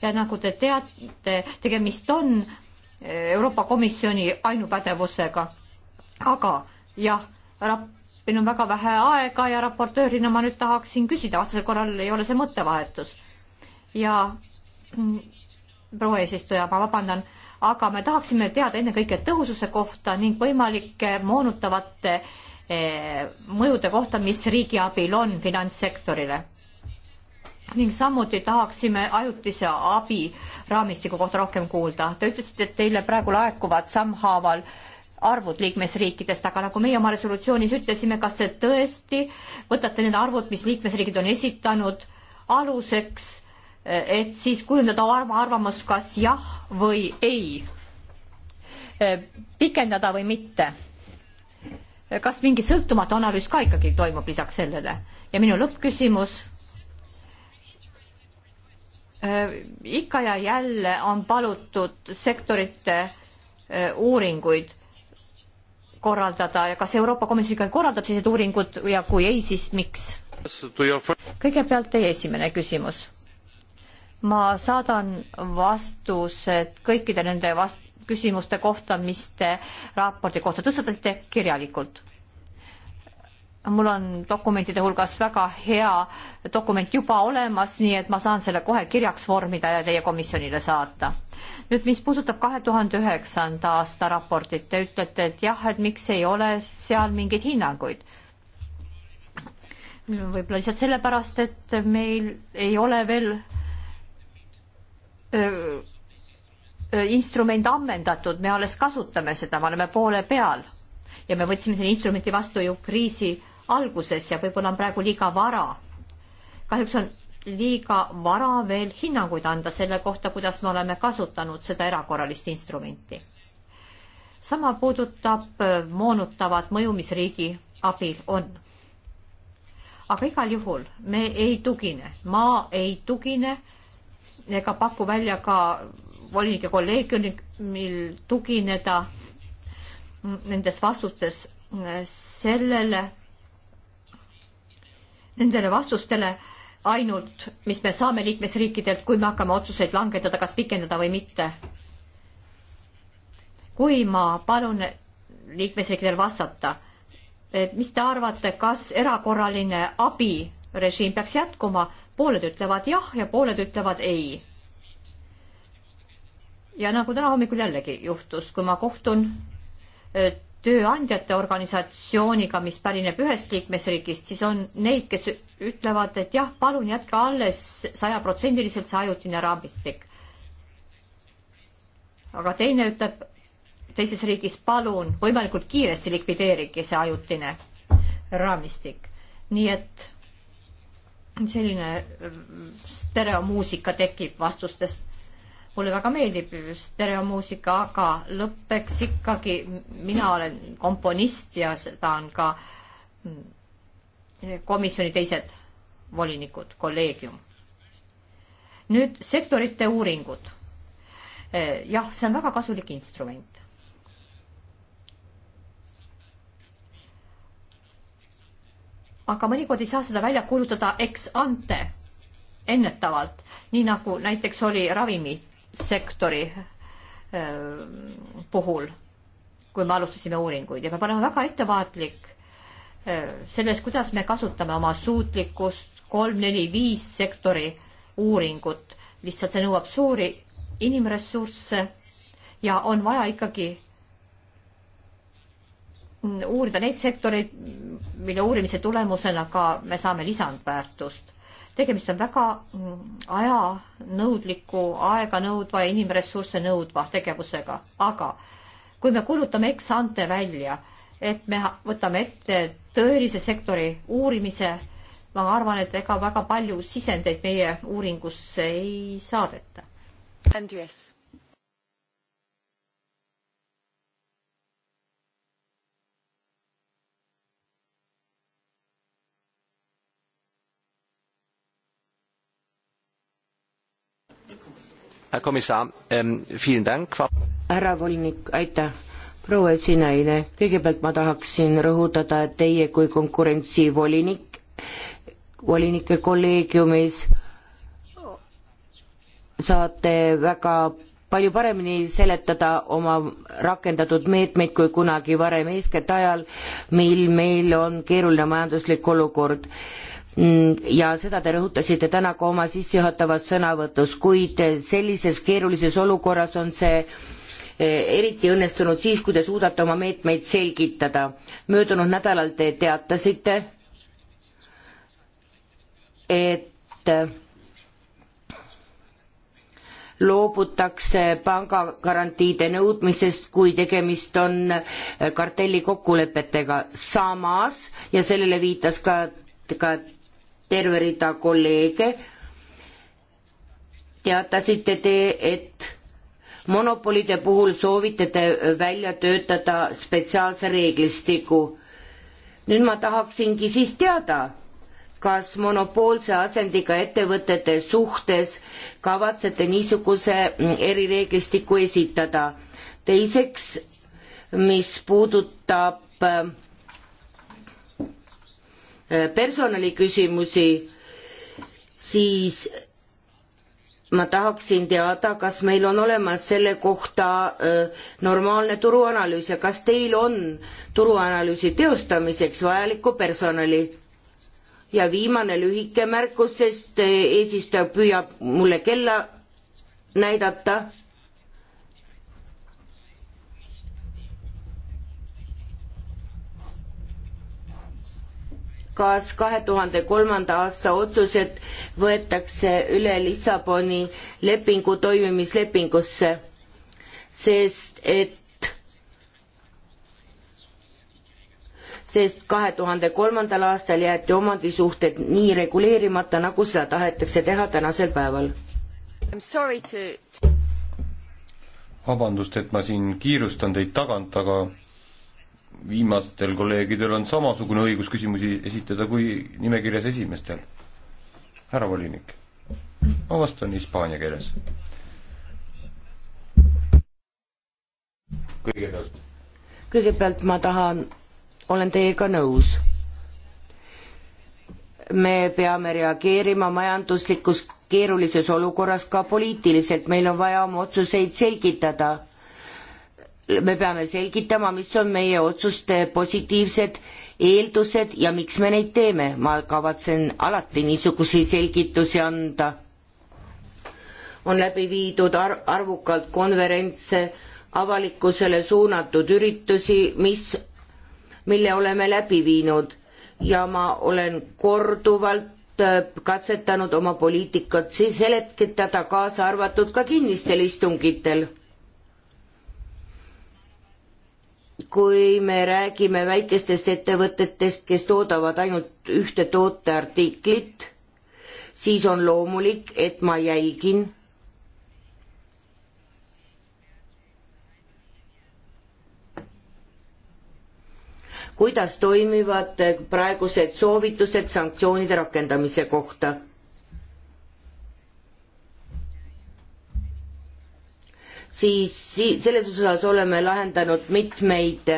ja nagu te teate, tegemist on eh, Euroopa Komisjoni ainupädevusega. aga jah, rap-, meil on väga vähe aega ja raportöörina ma nüüd tahaksin küsida, vastasel korral ei ole see mõttevahetus. ja proua eesistuja, ma vabandan, aga me tahaksime teada ennekõike tõhususe kohta ning võimalike moonutavate eh, mõjude kohta, mis riigiabil on finantssektorile. ning samuti tahaksime ajutise abi raamistiku kohta rohkem kuulda. Te ütlesite, et teile praegu laekuvad sammhaaval arvud liikmesriikidest, aga nagu meie oma resolutsioonis ütlesime, kas te tõesti võtate need arvud, mis liikmesriigid on esitanud, aluseks Eh, et siis kujundada oma arvamus, kas jah või ei, eh, pikendada või mitte. Eh, kas mingi sõltumatu analüüs ka ikkagi toimub lisaks sellele? ja minu lõppküsimus. ikka ja jälle on palutud sektorite uuringuid korraldada ja kas Euroopa Komisjon ikka korraldab sellised uuringud ja kui ei, siis miks? kõigepealt teie esimene küsimus ma saadan vastused kõikide nende vast-, küsimuste kohta, mis te raporti kohta tõstatasite kirjalikult. mul on dokumentide hulgas väga hea dokument juba olemas, nii et ma saan selle kohe kirjaks vormida ja teie komisjonile saata. nüüd, mis puudutab kahe tuhande üheksanda aasta raportit, te ütlete, et jah, et miks ei ole seal mingeid hinnanguid võib-olla lihtsalt sellepärast, et meil ei ole veel Äh, äh, instrument ammendatud, me alles kasutame seda, me oleme poole peal ja me võtsime selle instrumenti vastu ju kriisi alguses ja võib-olla on praegu liiga vara. kahjuks on liiga vara veel hinnanguid anda selle kohta, kuidas me oleme kasutanud seda erakorralist instrumenti. sama puudutab äh, moonutavat mõju, mis riigi abil on. aga igal juhul me ei tugine, ma ei tugine äh, ega paku välja ka volinike kolleegiumil tugineda nendes vastustes eh, sellele, nendele vastustele ainult, mis me saame liikmesriikidelt, kui me hakkame otsuseid langetada, kas pikendada või mitte. kui ma palun liikmesriikidel vastata, et eh, mis te arvate, kas erakorraline abirežiim peaks jätkuma pooled ütlevad jah ja pooled ütlevad ei. ja nagu täna hommikul jällegi juhtus, kui ma kohtun tööandjate organisatsiooniga, mis pärineb ühest liikmesriigist, siis on neid, kes ütlevad, et jah, palun jätke alles sajaprotsendiliselt see ajutine raamistik. aga teine ütleb teises riigis, palun võimalikult kiiresti likvideerige see ajutine raamistik. nii et selline äh, stereomuusika tekib vastustest. mulle väga meeldib stereomuusika, aga lõppeks ikkagi mina olen komponist ja seda on ka mm, komisjoni teised volinikud, kolleegium. nüüd sektorite uuringud. Äh, jah, see on väga kasulik instrument. aga mõnikord ei saa seda välja kuulutada ex ante, ennetavalt, nii nagu näiteks oli ravimisektori puhul, kui me alustasime uuringuid ja peab olema väga ettevaatlik selles, kuidas me kasutame oma suutlikkust kolm, neli, viis sektori uuringut, lihtsalt see nõuab suuri inimressursse ja on vaja ikkagi uurida neid sektoreid, mille uurimise tulemusena ka me saame lisandväärtust. tegemist on väga mm, ajanõudliku, aeganõudva ja inimressursse nõudva tegevusega, aga kui me kuulutame eksante välja, et me võtame ette tõelise sektori uurimise, ma arvan, et ega väga palju sisendeid meie uuringusse ei saadeta. Andres härra komissar, ähm, vielen Dank. härra volinik, aitäh. proua esinaine, kõigepealt ma tahaksin rõhutada, et teie kui konkurentsivolinik, volinike kolleegiumis saate väga palju paremini seletada oma rakendatud meetmeid kui kunagi varem, eeskätt ajal, mil meil on keeruline majanduslik olukord. Mm, ja seda te rõhutasite täna ka oma sissejuhatavas sõnavõtus, kuid sellises keerulises olukorras on see eh, eriti õnnestunud siis, kui te suudate oma meetmeid selgitada. möödunud nädalal te teatasite, et loobutakse pangagarantiide nõudmisest, kui tegemist on eh, kartellikokkulepetega. samas, ja sellele viitas ka ka terve rida kolleege teatasite te, et monopolide puhul soovite te välja töötada spetsiaalse reeglistiku. nüüd ma tahaksingi siis teada, kas monopoolse asendiga ettevõtete suhtes kavatsete niisuguse erireeglistiku esitada. teiseks, mis puudutab äh, personaliküsimusi, siis ma tahaksin teada, kas meil on olemas selle kohta äh, normaalne turuanalüüs ja kas teil on turuanalüüsi teostamiseks vajalikku personali? ja viimane lühike märkus, sest äh, eesistuja püüab mulle kella näidata kas kahe tuhande kolmanda aasta otsused võetakse üle Lissaboni lepingu toimimislepingusse, sest et sest kahe tuhande kolmandal aastal jäeti omandisuhted nii reguleerimata, nagu seda tahetakse teha tänasel päeval. To... vabandust, et ma siin kiirustan teid tagant, aga viimastel kolleegidel on samasugune õigus küsimusi esitada kui nimekirjas esimestel. härra volinik, ma vastan hispaania keeles. kõigepealt. kõigepealt ma tahan, olen teiega nõus. me peame reageerima majanduslikus keerulises olukorras ka poliitiliselt, meil on vaja oma otsuseid selgitada me peame selgitama, mis on meie otsuste positiivsed eeldused ja miks me neid teeme, ma kavatsen alati niisuguseid selgitusi anda. on läbi viidud ar-, arvukalt konverentse, avalikkusele suunatud üritusi, mis, mille oleme läbi viinud ja ma olen korduvalt äh, katsetanud oma poliitikat siis seletada, kaasa arvatud ka kinnistel istungitel kui me räägime väikestest ettevõtetest, kes toodavad ainult ühte tooteartiklit, siis on loomulik, et ma jälgin kuidas toimivad praegused soovitused sanktsioonide rakendamise kohta siis selles osas oleme lahendanud mitmeid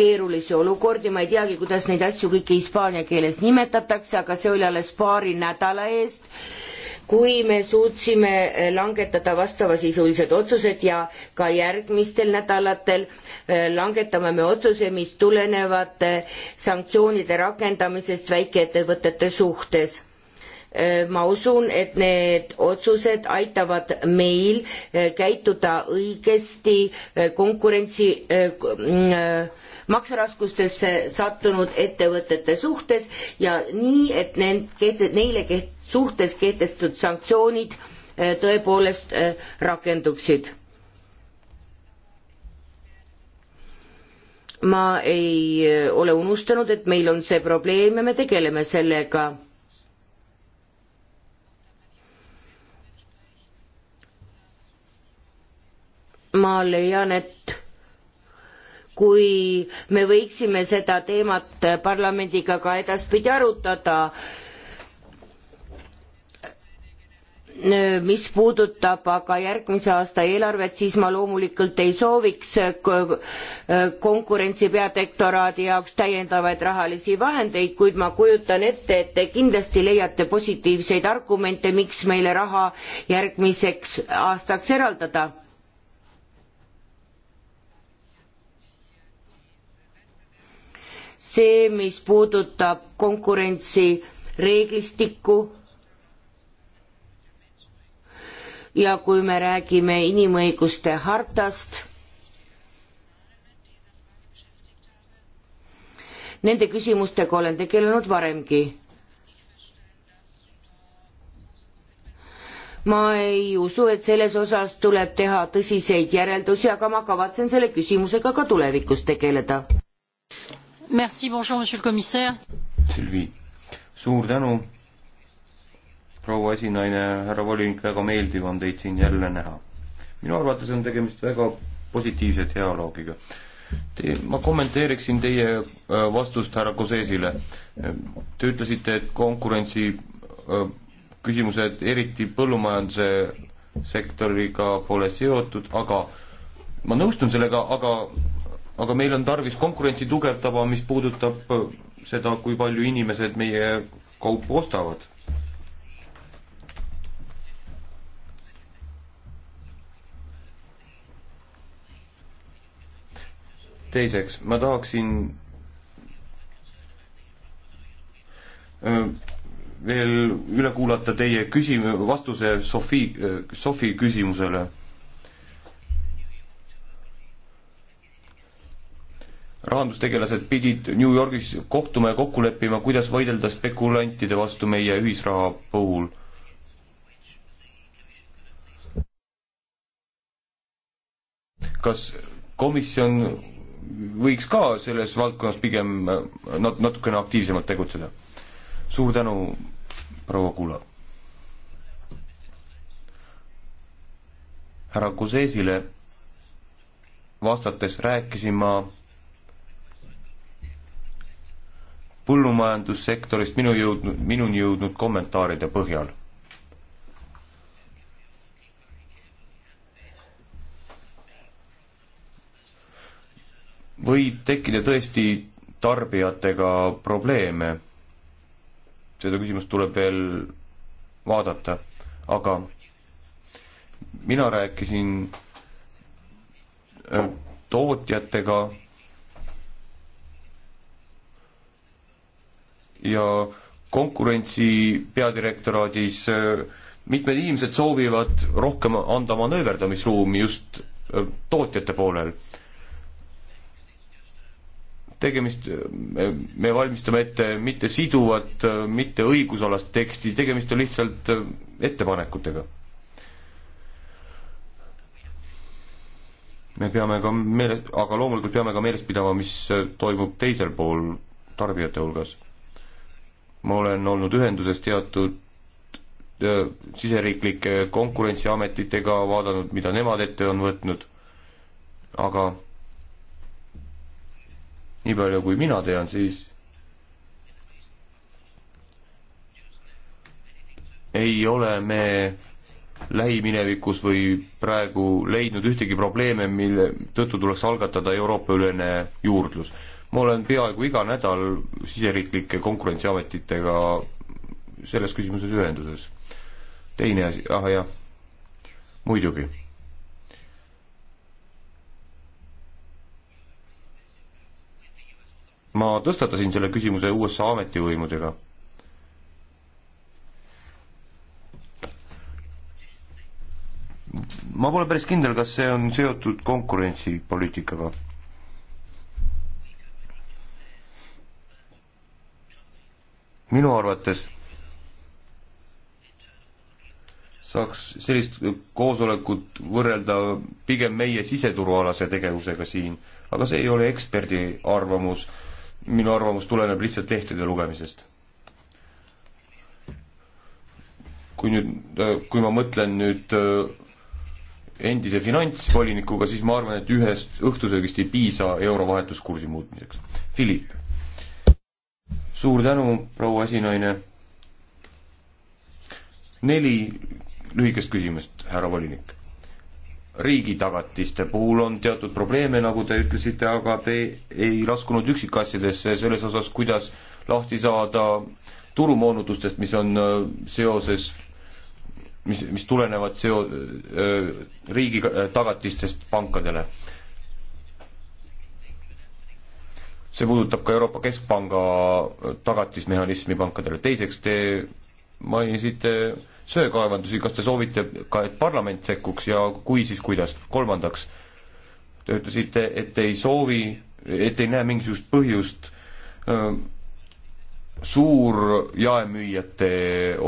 keerulisi olukordi, ma ei teagi, kuidas neid asju kõiki hispaania keeles nimetatakse, aga see oli alles paari nädala eest, kui me suutsime langetada vastavasisulised otsused ja ka järgmistel nädalatel äh, langetame me otsuse, mis tulenevad äh, sanktsioonide rakendamisest väikeettevõtete suhtes Äh, ma usun, et need otsused aitavad meil äh, käituda õigesti äh, konkurentsi mm, makseraskustesse sattunud ettevõtete suhtes ja nii, et need kehtest-, neile keht-, suhtes kehtestatud sanktsioonid tõepoolest rakenduksid. ma ei ole unustanud, et meil on see probleem ja me tegeleme sellega ma leian, et kui me võiksime seda teemat parlamendiga ka edaspidi arutada, mis puudutab aga järgmise aasta eelarvet, siis ma loomulikult ei sooviks konkurentsi peadirektoraadi jaoks täiendavaid rahalisi vahendeid, kuid ma kujutan ette, et te kindlasti leiate positiivseid argumente, miks meile raha järgmiseks aastaks eraldada see, mis puudutab konkurentsireeglistikku ja kui me räägime inimõiguste hartast, nende küsimustega olen tegelenud varemgi. ma ei usu, et selles osas tuleb teha tõsiseid järeldusi, aga ma kavatsen selle küsimusega ka tulevikus tegeleda. Merci, bonjour, monsieur le commissaire. Sylvie, suur tänu, proua esinaine, härra volinik, väga meeldiv on teid siin jälle näha. minu arvates on tegemist väga positiivse dialoogiga. Te, ma kommenteeriksin teie äh, vastust härra Kosesile. Te ütlesite, et konkurentsi äh, küsimused eriti põllumajanduse sektoriga pole seotud, aga ma nõustun sellega, aga aga meil on tarvis konkurentsi tugevdama, mis puudutab äh, seda, kui palju inimesed meie kaupu ostavad. teiseks, ma tahaksin äh, veel üle kuulata teie küsim-, vastuse Sofi, äh, Sofi küsimusele rahandustegelased pidid New Yorgis kohtuma ja kokku leppima, kuidas võidelda spekulantide vastu meie ühisraha puhul. kas komisjon võiks ka selles valdkonnas pigem nat-, natukene aktiivsemalt tegutseda? suur tänu, proua Kula. härra Kuseesile vastates rääkisin ma põllumajandussektorist minu jõudnud, minuni jõudnud kommentaaride põhjal. võib tekkida tõesti tarbijatega probleeme. seda küsimust tuleb veel vaadata, aga mina rääkisin äh, tootjatega ja konkurentsi peadirektoraadis äh, mitmed inimesed soovivad rohkem anda manööverdamisruumi just äh, tootjate poolel. tegemist, äh, me valmistame ette mitte siduvat, mitte õigusalast teksti, tegemist on lihtsalt ettepanekutega me peame ka meeles, aga loomulikult peame ka meeles pidama, mis toimub teisel pool tarbijate hulgas ma olen olnud ühenduses teatud siseriiklike konkurentsiametitega, vaadanud, mida nemad ette on võtnud, aga nii palju, kui mina tean, siis ei ole me lähiminevikus või praegu leidnud ühtegi probleeme, mille tõttu tuleks algatada Euroopa-ülene juurdlus ma olen peaaegu iga nädal siseriiklike konkurentsiametitega selles küsimuses ühenduses. teine asi, ah jah, muidugi. ma tõstatasin selle küsimuse USA ametivõimudega ma pole päris kindel, kas see on seotud konkurentsipoliitikaga. minu arvates saaks sellist koosolekut võrrelda pigem meie siseturualase tegevusega siin, aga see ei ole eksperdi arvamus, minu arvamus tuleneb lihtsalt lehtede lugemisest. kui nüüd, kui ma mõtlen nüüd äh, endise finantsvolinikuga, siis ma arvan, et ühest õhtusöögist ei piisa eurovahetuskursi muutmiseks. Philipp suur tänu, proua esinaine. neli lühikest küsimust, härra volinik. riigitagatiste puhul on teatud probleeme, nagu te ütlesite, aga te ei laskunud üksikasjadesse selles osas, kuidas lahti saada turumoonutustest, mis on äh, seoses, mis, mis tulenevad seo-, äh, riigi tagatistest pankadele see puudutab ka Euroopa Keskpanga tagatismehhanismi pankadele, teiseks te mainisite söekaevandusi, kas te soovite ka, et parlament sekkuks ja kui, siis kuidas, kolmandaks, te ütlesite, et ei soovi, et ei näe mingisugust põhjust öö, suur jaemüüjate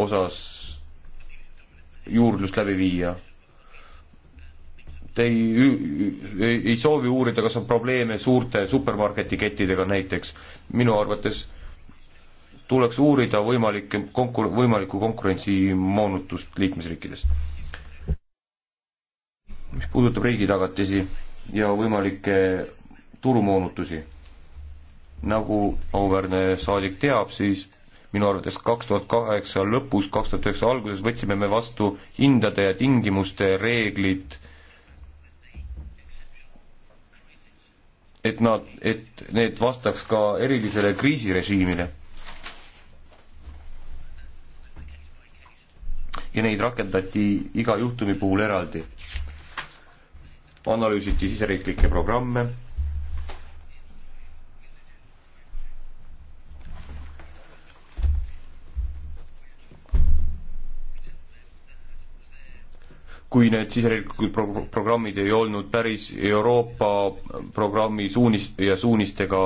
osas juurdlust läbi viia te ei, ei, ei soovi uurida, kas on probleeme suurte supermarketikettidega näiteks. minu arvates tuleks uurida võimalikke konkur-, võimalikku konkurentsimoonutust liikmesriikides. mis puudutab riigitagatisi ja võimalikke turumoonutusi, nagu auväärne saadik teab, siis minu arvates kaks tuhat kaheksa lõpus, kaks tuhat üheksa alguses võtsime me vastu hindade ja tingimuste reeglid et nad, et need vastaks ka erilisele kriisirežiimile. ja neid rakendati iga juhtumi puhul eraldi. analüüsiti siseriiklikke programme kui need siseriiklikud pro-, programmid ei olnud päris Euroopa programmi suunis- ja suunistega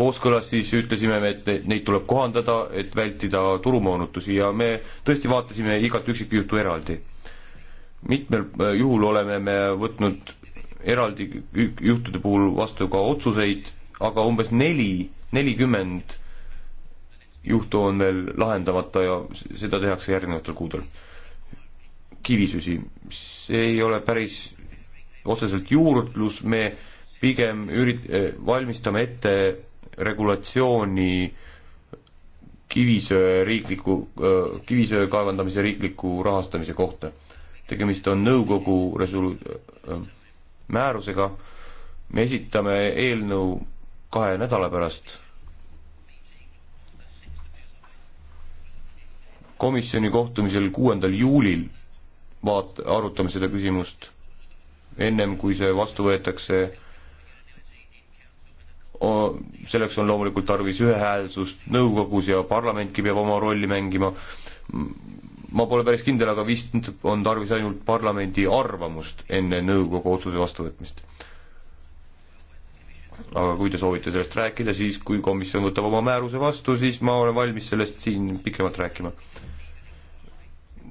kooskõlas, siis ütlesime me, et neid tuleb kohandada, et vältida turumoonutusi ja me tõesti vaatasime igat üksikjuhtu eraldi. mitmel äh, juhul oleme me võtnud eraldi juhtude puhul vastu ka otsuseid, aga umbes neli, nelikümmend juhtu on veel lahendamata ja seda tehakse järgnevatel kuudel kivisüsi. see ei ole päris otseselt juurdlus, me pigem ürit-, eh, valmistame ette regulatsiooni kivisöe riikliku, eh, kivisöe kaevandamise riikliku rahastamise kohta. tegemist on nõukogu resolu-, eh, määrusega, me esitame eelnõu kahe nädala pärast. komisjoni kohtumisel kuuendal juulil vaat-, arutame seda küsimust ennem, kui see vastu võetakse. selleks on loomulikult tarvis ühehäälsust nõukogus ja parlamentki peab oma rolli mängima. ma pole päris kindel, aga vist on tarvis ainult parlamendi arvamust enne nõukogu otsuse vastuvõtmist. aga kui te soovite sellest rääkida, siis kui komisjon võtab oma määruse vastu, siis ma olen valmis sellest siin pikemalt rääkima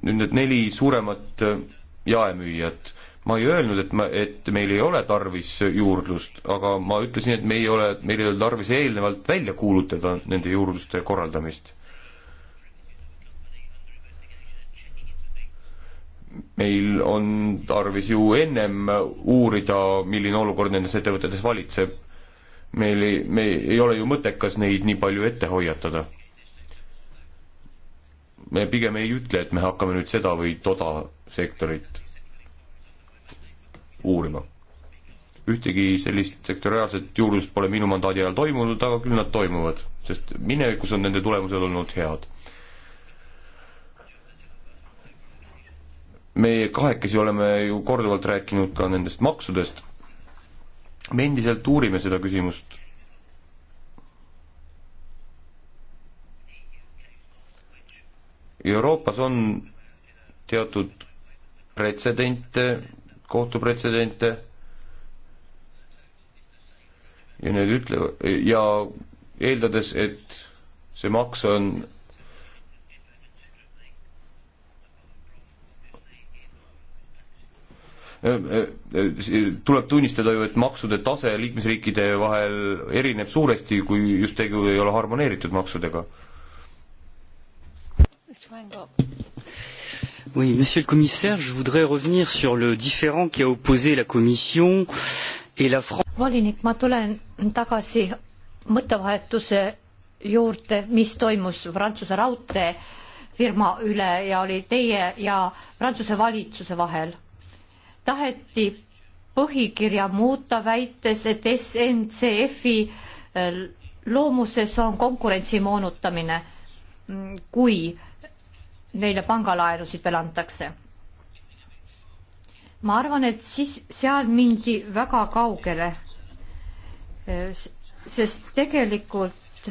nüüd need neli suuremat äh, jaemüüjat, ma ei öelnud, et ma, et meil ei ole tarvis juurdlust, aga ma ütlesin, et me ei ole, meil ei ole tarvis eelnevalt välja kuulutada nende juurdluste korraldamist. meil on tarvis ju ennem uurida, milline olukord nendes ettevõtetes valitseb. meil ei, me ei ole ju mõttekas neid nii palju ette hoiatada me pigem ei ütle, et me hakkame nüüd seda või toda sektorit uurima. ühtegi sellist sektoriaalset juurdlust pole minu mandaadi ajal toimunud, aga küll nad toimuvad, sest minevikus on nende tulemused olnud head. meie kahekesi oleme ju korduvalt rääkinud ka nendest maksudest, me endiselt uurime seda küsimust Euroopas on teatud pretsedente, kohtupretsedente ja need ütlevad ja eeldades, et see maks on äh, äh, äh, tuleb tunnistada ju, et maksude tase liikmesriikide vahel erineb suuresti, kui just tegu ei ole harmoneeritud maksudega. Oui, monsieur le commissaire, je voudrais revenir sur le différend qui a opposé la Commission et la France. volinik, ma tulen tagasi mõttevahetuse juurde, mis toimus Prantsuse raudteefirma üle ja oli teie ja Prantsuse valitsuse vahel. taheti põhikirja muuta, väites, et SNCF-i äh, loomuses on konkurentsi moonutamine, mm, kui neile pangalaenusid veel antakse. ma arvan, et siis seal mindi väga kaugele, sest tegelikult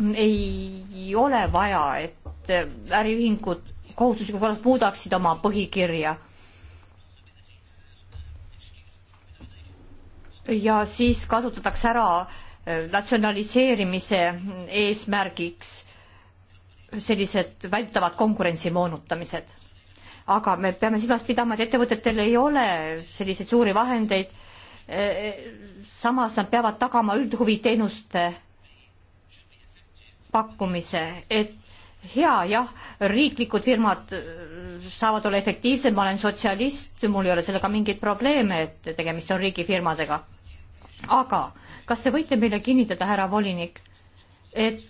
ei ole vaja, et äriühingud kohustuslikus korras muudaksid oma põhikirja. ja siis kasutatakse ära natsionaliseerimise eesmärgiks sellised välditavad konkurentsi moonutamised. aga me peame silmas pidama, et ettevõtetel ei ole selliseid suuri vahendeid. E, e, samas nad peavad tagama üldhuviteenuste pakkumise, et hea jah, riiklikud firmad saavad olla efektiivsed, ma olen sotsialist, mul ei ole sellega mingeid probleeme, et tegemist on riigifirmadega. aga kas te võite meile kinnitada, härra volinik, et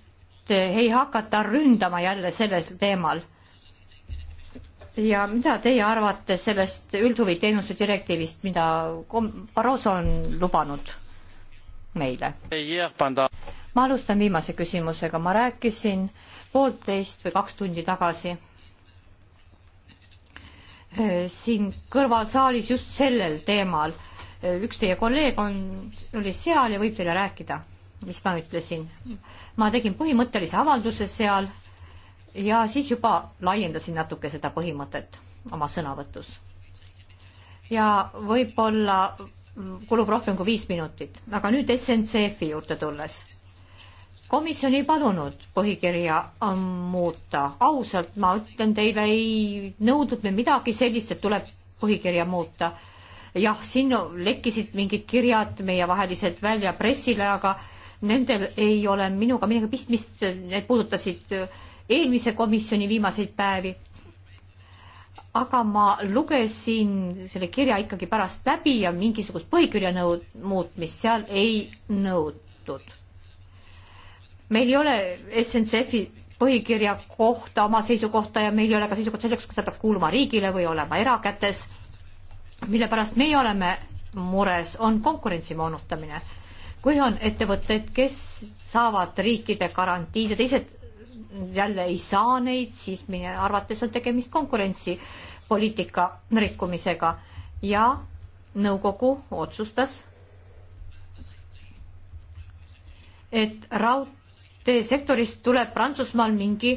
ei hakata ründama jälle sellel teemal. ja mida teie arvate sellest üldhuviteenuste direktiivist, mida Barroso on lubanud meile? ma alustan viimase küsimusega, ma rääkisin poolteist või kaks tundi tagasi eh, siin kõrvalsaalis just sellel teemal. Eh, üks teie kolleeg on, oli seal ja võib teile rääkida mis ma ütlesin. ma tegin põhimõttelise avalduse seal ja siis juba laiendasin natuke seda põhimõtet oma sõnavõtus. ja võib-olla kulub rohkem kui viis minutit, aga nüüd SNCF-i juurde tulles. komisjon ei palunud põhikirja um, muuta, ausalt ma ütlen teile, ei nõudnud me midagi sellist, et tuleb põhikirja muuta jah, siin lekkisid mingid kirjad meievahelised välja pressile, aga nendel ei ole minuga midagi pistmist, need puudutasid äh, eelmise komisjoni viimaseid päevi. aga ma lugesin selle kirja ikkagi pärast läbi ja mingisugust põhikirja nõud-, muutmist seal ei nõutud. meil ei ole SNCF-i põhikirja kohta oma seisukohta ja meil ei ole ka seisukohta selleks, kas ta peaks kuuluma riigile või olema erakätes. mille pärast meie oleme mures, on konkurentsi moonutamine kui on ettevõtted, kes saavad riikide garantiid ja teised jälle ei saa neid, siis meie arvates on tegemist konkurentsipoliitika rikkumisega ja nõukogu otsustas, et raudteesektorist tuleb Prantsusmaal mingi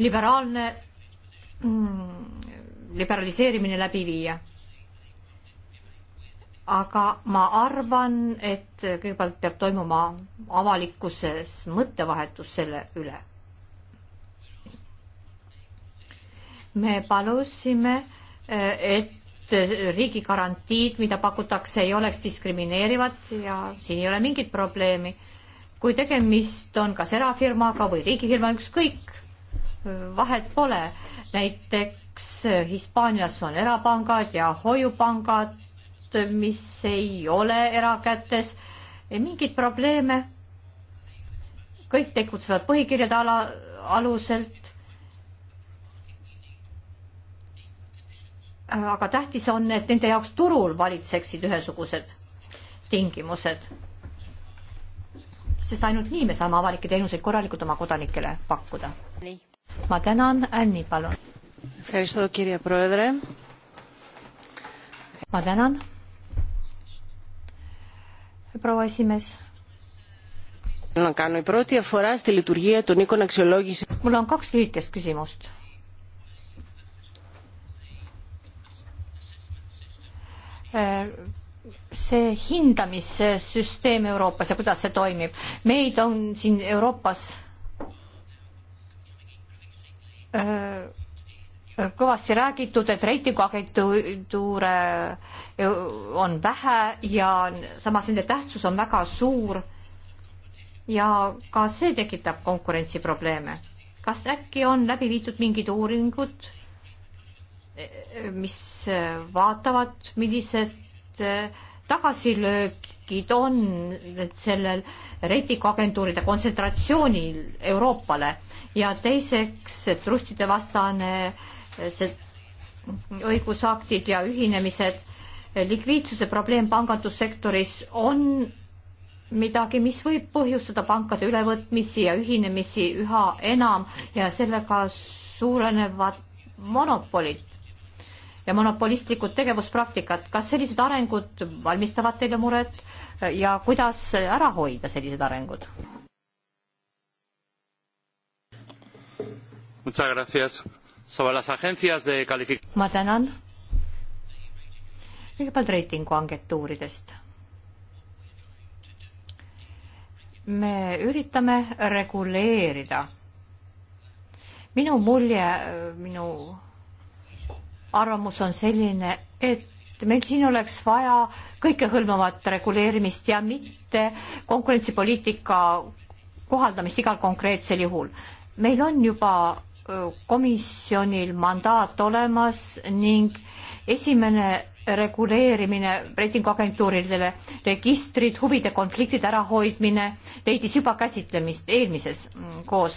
liberaalne mm, liberaliseerimine läbi viia aga ma arvan, et kõigepealt peab toimuma avalikkuses mõttevahetus selle üle. me palusime, et riigi garantiid, mida pakutakse, ei oleks diskrimineerivad ja siin ei ole mingit probleemi. kui tegemist on kas erafirmaga või riigifirma, ükskõik, vahet pole. näiteks Hispaanias on erapangad ja hoiupangad mis ei ole erakätes, mingeid probleeme. kõik tegutsevad põhikirjade ala, aluselt. aga tähtis on, et nende jaoks turul valitseksid ühesugused tingimused. sest ainult nii me saame avalikke teenuseid korralikult oma kodanikele pakkuda. ma tänan, Anni, palun. ma tänan proua esimees. mul on kaks lühikest küsimust. Äh, see hindamissüsteem Euroopas ja kuidas see toimib, meid on siin Euroopas öö, äh, kõvasti räägitud, et reitinguagentuure äh, on vähe ja samas nende tähtsus on väga suur. ja ka see tekitab konkurentsiprobleeme. kas äkki on läbi viidud mingid uuringud, äh, mis äh, vaatavad, millised tagasilöögid on sellel reitinguagentuuride kontsentratsioonil Euroopale ja teiseks trustide vastane äh, see õigusaktid ja ühinemised. likviidsuse probleem pangandussektoris on midagi, mis võib põhjustada pankade ülevõtmisi ja ühinemisi üha enam ja sellega suurenevad monopolid ja monopolistlikud tegevuspraktikad. kas sellised arengud valmistavad teile muret ja kuidas ära hoida sellised arengud? Muchas gracias sobre las agencias de calific-. ma tänan. kõigepealt reitinguagentuuridest. me üritame reguleerida. minu mulje, minu arvamus on selline, et meil siin oleks vaja kõikehõlmavat reguleerimist ja mitte konkurentsipoliitika kohaldamist igal konkreetsel juhul. meil on juba komisjonil mandaat olemas ning esimene reguleerimine reitinguagentuuridele, registrid, huvide konfliktide ärahoidmine leidis juba käsitlemist eelmises mm, koos,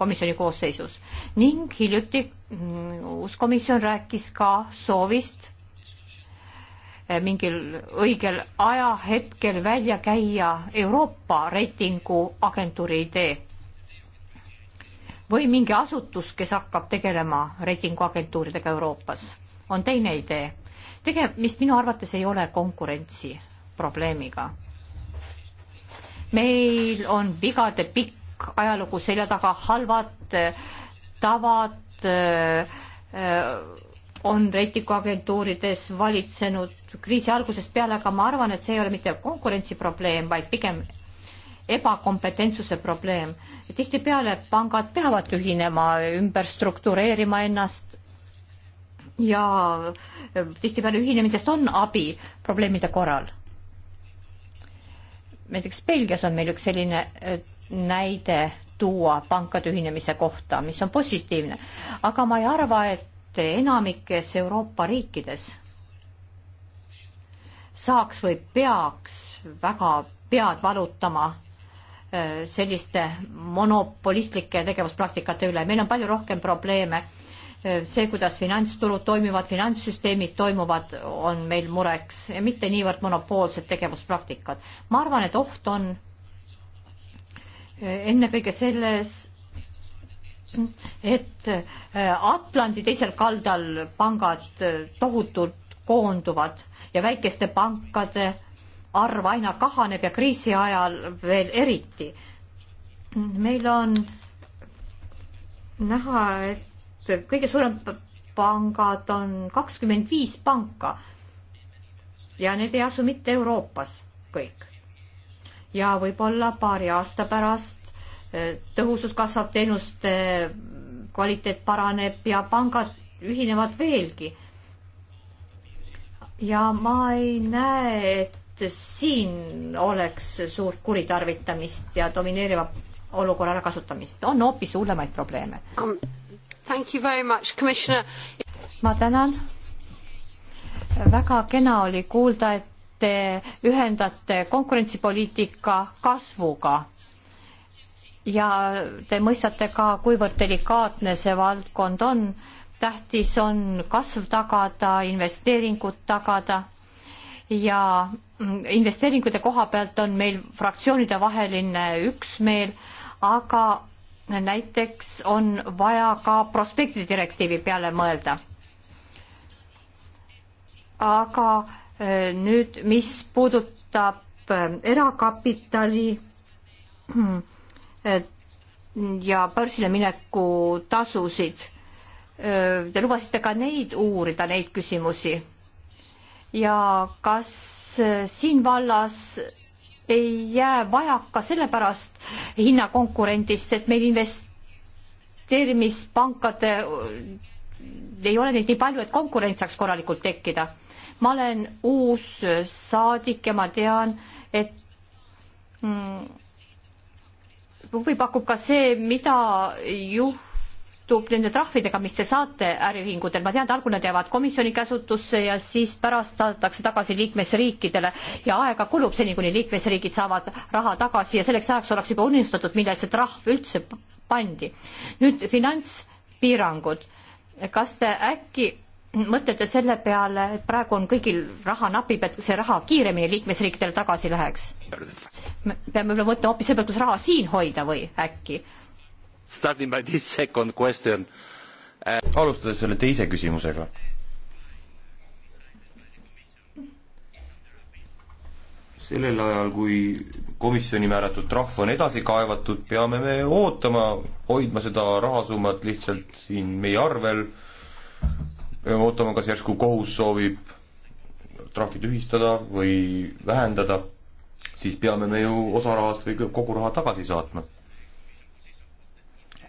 komisjoni koosseisus ning hiljuti mm, uus komisjon rääkis ka soovist eh, mingil õigel ajahetkel välja käia Euroopa reitinguagentuuri idee või mingi asutus, kes hakkab tegelema reitinguagentuuridega Euroopas, on teine idee. tege-, mis minu arvates ei ole konkurentsi probleemiga. meil on vigade pikk ajalugu selja taga, halvad äh, tavad äh, äh, on reitinguagentuurides valitsenud kriisi algusest peale, aga ma arvan, et see ei ole mitte konkurentsiprobleem, vaid pigem ebakompetentsuse probleem. tihtipeale pangad peavad ühinema, ümber struktureerima ennast ja tihtipeale ühinemisest on abi probleemide korral. näiteks Belgias on meil üks selline äh, näide tuua pankade ühinemise kohta, mis on positiivne, aga ma ei arva, et enamikes Euroopa riikides saaks või peaks väga pead valutama Äh, selliste monopolistlike tegevuspraktikate üle, meil on palju rohkem probleeme. Äh, see, kuidas finantsturud toimivad, finantssüsteemid toimuvad, on meil mureks ja mitte niivõrd monopoolsed tegevuspraktikad. ma arvan, et oht on äh, ennekõike selles, et Atlandi teisel kaldal pangad tohutult koonduvad ja väikeste pankade äh, arv aina kahaneb ja kriisi ajal veel eriti. meil on näha, et kõige suurem pangad on kakskümmend viis panka ja need ei asu mitte Euroopas kõik. ja võib-olla paari aasta pärast eh, tõhusus kasvab, teenuste kvaliteet paraneb ja pangad ühinevad veelgi. ja ma ei näe, et siin oleks suurt kuritarvitamist ja domineeriva olukorra ärakasutamist, on hoopis hullemaid probleeme. Um, ma tänan. väga kena oli kuulda, et te ühendate konkurentsipoliitika kasvuga ja te mõistate ka, kuivõrd delikaatne see valdkond on. tähtis on kasv tagada, investeeringud tagada ja investeeringute koha pealt on meil fraktsioonide vaheline üksmeel, aga näiteks on vaja ka prospekti direktiivi peale mõelda. aga e, nüüd, mis puudutab e, erakapitali e, ja börsile mineku tasusid, te lubasite ka neid uurida, neid küsimusi ja kas äh, siin vallas ei jää vajaka sellepärast hinnakonkurendist, et meil investeerimispankade äh, ei ole neid nii palju, et konkurents saaks korralikult tekkida. ma olen uus saadik ja ma tean, et mm, huvi pakub ka see, mida juht juhtub nende trahvidega, mis te saate äriühingutel, ma tean, et algul nad jäävad komisjoni käsutusse ja siis pärast antakse tagasi liikmesriikidele ja aega kulub seni, kuni liikmesriigid saavad raha tagasi ja selleks ajaks oleks juba unistatud, millal see trahv üldse pandi. nüüd finantspiirangud, kas te äkki mõtlete selle peale, et praegu on kõigil raha napib, et see raha kiiremini liikmesriikidele tagasi läheks? peame võib-olla mõtlema hoopis selle peale, kus raha siin hoida või äkki Starting by this second question uh.... alustades selle teise küsimusega. sellel ajal, kui komisjoni määratud trahv on edasi kaevatud, peame me ootama, hoidma seda rahasummat lihtsalt siin meie arvel, peame ootama, kas järsku kohus soovib trahvi tühistada või vähendada, siis peame me ju osa rahast või kogu raha tagasi saatma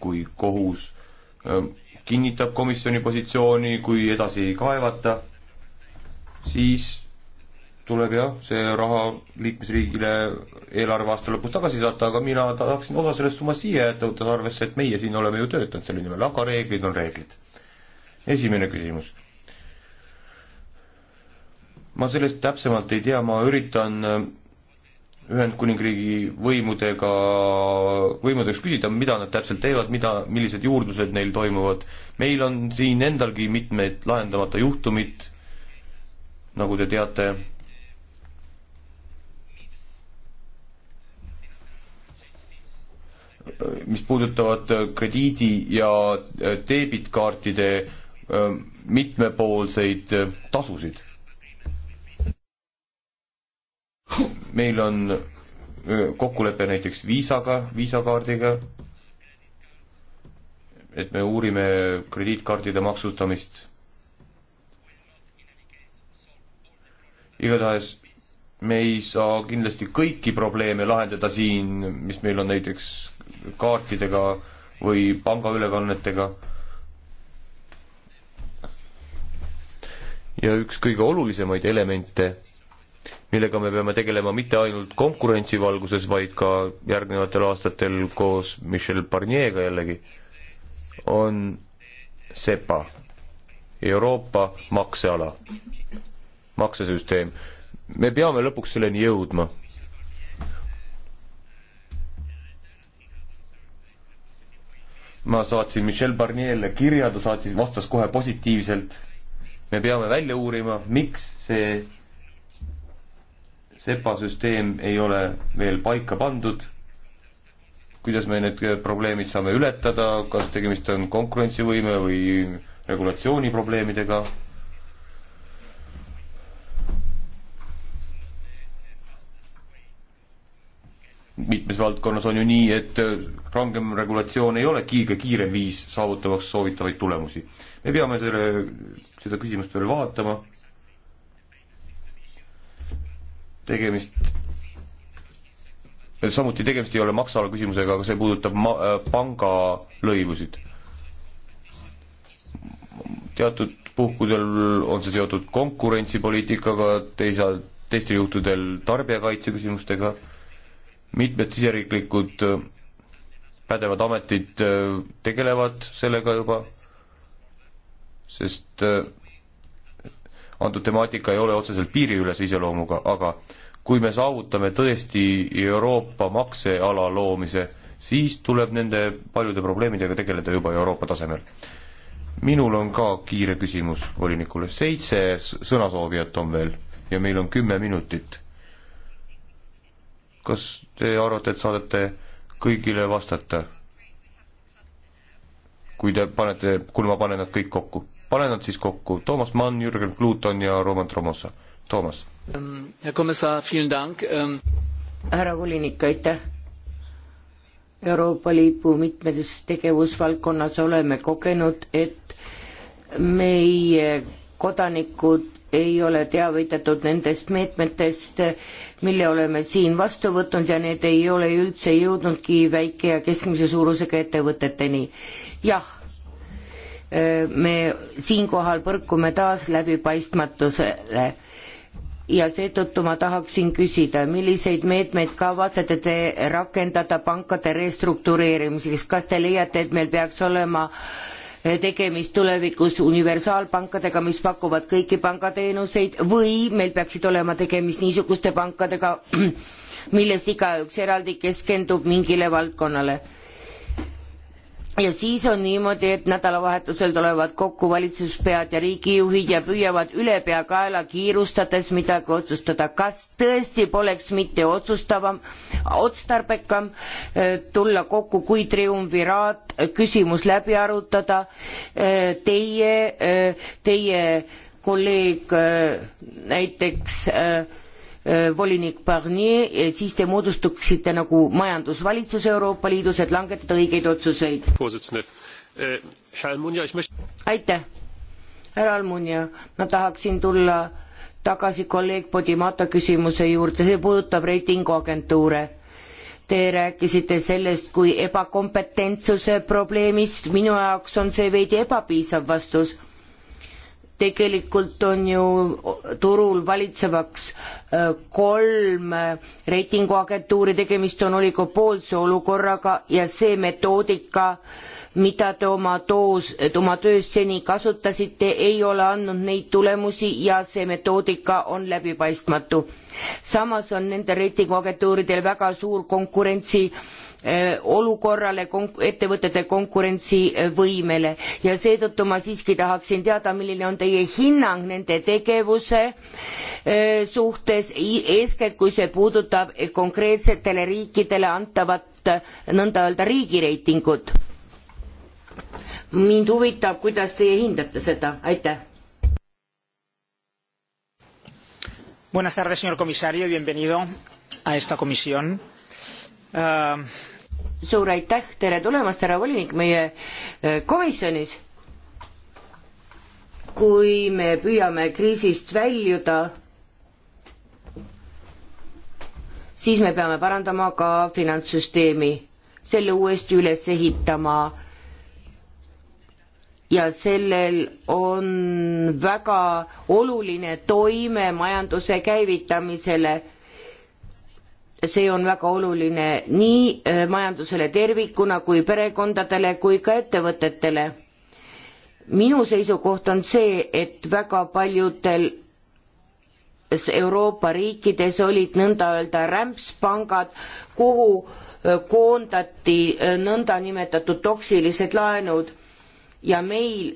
kui kohus kinnitab komisjoni positsiooni, kui edasi ei kaevata, siis tuleb jah, see raha liikmesriigile eelarve aasta lõpus tagasi saata, aga mina tahaksin osa sellest summast siia jätta, võttes arvesse, et meie siin oleme ju töötanud selle nimel, aga reeglid on reeglid. esimene küsimus. ma sellest täpsemalt ei tea, ma üritan Ühendkuningriigi võimudega, võimudeks küsida, mida nad täpselt teevad, mida, millised juurdlused neil toimuvad. meil on siin endalgi mitmeid lahendamata juhtumid, nagu te teate. mis puudutavad krediidi ja debitkaartide äh, mitmepoolseid tasusid meil on kokkulepe näiteks viisaga, viisakaardiga, et me uurime krediitkaardide maksustamist. igatahes me ei saa kindlasti kõiki probleeme lahendada siin, mis meil on näiteks kaartidega või pangaülekannetega. ja üks kõige olulisemaid elemente millega me peame tegelema mitte ainult konkurentsi valguses, vaid ka järgnevatel aastatel koos Michel Barnier'ga jällegi, on SEPA, Euroopa makseala, maksesüsteem. me peame lõpuks selleni jõudma. ma saatsin Michel Barnier'le kirja, ta saatis, vastas kohe positiivselt. me peame välja uurima, miks see sepa süsteem ei ole veel paika pandud, kuidas me need probleemid saame ületada, kas tegemist on konkurentsivõime või regulatsiooni probleemidega, mitmes valdkonnas on ju nii, et rangem regulatsioon ei ole kõige kiirem viis saavutamaks soovitavaid tulemusi. me peame selle, seda küsimust veel vaatama tegemist samuti tegemist ei ole maksa alla küsimusega, aga see puudutab ma-, äh, pangalõivusid. teatud puhkudel on see seotud konkurentsipoliitikaga, teisa, teistel juhtudel tarbijakaitse küsimustega, mitmed siseriiklikud äh, pädevad ametid äh, tegelevad sellega juba, sest antud temaatika ei ole otseselt piiriülese iseloomuga, aga kui me saavutame tõesti Euroopa makseala loomise, siis tuleb nende paljude probleemidega tegeleda juba Euroopa tasemel. minul on ka kiire küsimus volinikule, seitse sõnasoovijat on veel ja meil on kümme minutit. kas te arvate, et saadate kõigile vastata? kui te panete, kui ma panen nad kõik kokku pane nad siis kokku, Toomas Mann, Jürgen Pluton ja Roman Tromosa. Toomas. Ähm, härra volinik, aitäh. Euroopa Liidu mitmetes tegevusvaldkonnas oleme kogenud, et meie kodanikud ei ole teavitatud nendest meetmetest, mille oleme siin vastu võtnud ja need ei ole üldse jõudnudki väike ja keskmise suurusega ettevõteteni. jah me siinkohal põrkume taas läbipaistmatusele ja seetõttu ma tahaksin küsida, milliseid meetmeid kavatsete te rakendada pankade restruktureerimiseks, kas te leiate, et meil peaks olema eh, tegemist tulevikus universaalpankadega, mis pakuvad kõiki pangateenuseid või meil peaksid olema tegemist niisuguste pankadega, millest igaüks eraldi keskendub mingile valdkonnale ja siis on niimoodi, et nädalavahetusel tulevad kokku valitsuspead ja riigijuhid ja püüavad ülepeakaela kiirustades midagi otsustada. kas tõesti poleks mitte otsustavam, otstarbekam äh, tulla kokku kui triumviraat, äh, küsimus läbi arutada, äh, teie, teie kolleeg näiteks äh, Äh, volinik Barnier, äh, siis te moodustuksite nagu majandusvalitsus Euroopa Liidus, et langetada õigeid otsuseid. Äh, aitäh, härra Almunia, ma tahaksin tulla tagasi kolleeg Podimata küsimuse juurde, see puudutab reitinguagentuure. Te rääkisite sellest kui ebakompetentsuse probleemist, minu jaoks on see veidi ebapiisav vastus tegelikult on ju turul valitsevaks äh, kolm äh, reitinguagentuuri, tegemist on oligopoolse olukorraga ja see metoodika, mida te oma toos, oma töös seni kasutasite, ei ole andnud neid tulemusi ja see metoodika on läbipaistmatu. samas on nendel reitinguagentuuridel väga suur konkurentsi äh, Eh, olukorrale, ettevõtete konkurentsivõimele ja seetõttu ma siiski tahaksin teada, milline on teie hinnang nende tegevuse eh, suhtes, eeskätt kui see puudutab konkreetsetele riikidele antavat eh, nõnda öelda riigireitingut. mind huvitab, kuidas teie hindate seda, aitäh Buenas tardes, señor comisario, y bienvenido a esta comisión ähm.. suur aitäh, tere tulemast, härra volinik, meie äh, komisjonis. kui me püüame kriisist väljuda, siis me peame parandama ka finantssüsteemi, selle uuesti üles ehitama ja sellel on väga oluline toime majanduse käivitamisele see on väga oluline nii äh, majandusele tervikuna kui perekondadele kui ka ettevõtetele. minu seisukoht on see, et väga paljudel Euroopa riikides olid nõnda öelda rämpspangad, kuhu äh, koondati äh, nõndanimetatud toksilised laenud ja meil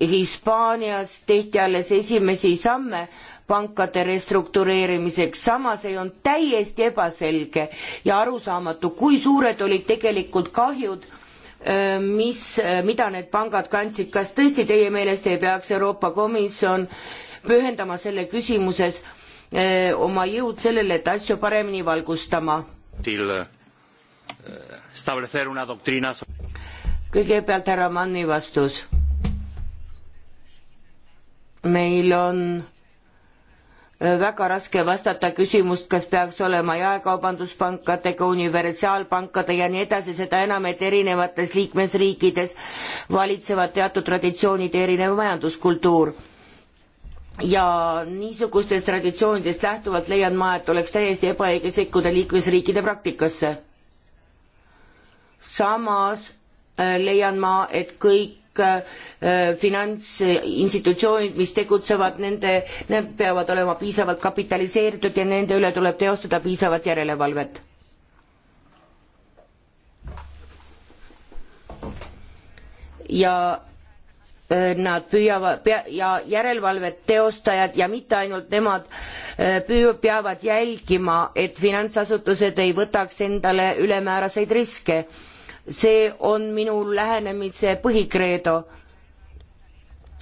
Hispaanias tehti alles esimesi samme pankade restruktureerimiseks, samas ei olnud täiesti ebaselge ja arusaamatu, kui suured olid tegelikult kahjud, mis, mida need pangad kandsid, kas tõesti teie meelest ei peaks Euroopa Komisjon pühendama selle küsimuses öö, oma jõud sellele, et asju paremini valgustama? kõigepealt härra Manni vastus meil on äh, väga raske vastata küsimust, kas peaks olema jaekaubanduspankadega, universaalpankade ja nii edasi, seda enam, et erinevates liikmesriikides valitsevad teatud traditsioonid ja erinev majanduskultuur. ja niisugustest traditsioonidest lähtuvalt leian ma, et oleks täiesti ebaõige sekkuda liikmesriikide praktikasse. samas äh, leian ma, et kõik Äh, finantsinstitutsioonid, mis tegutsevad, nende, need peavad olema piisavalt kapitaliseeritud ja nende üle tuleb teostada piisavat järelevalvet. ja äh, nad püüavad pea, ja järelevalvet teostajad ja mitte ainult nemad äh, püü-, peavad jälgima, et finantsasutused ei võtaks endale ülemääraseid riske see on minu lähenemise põhikreedo.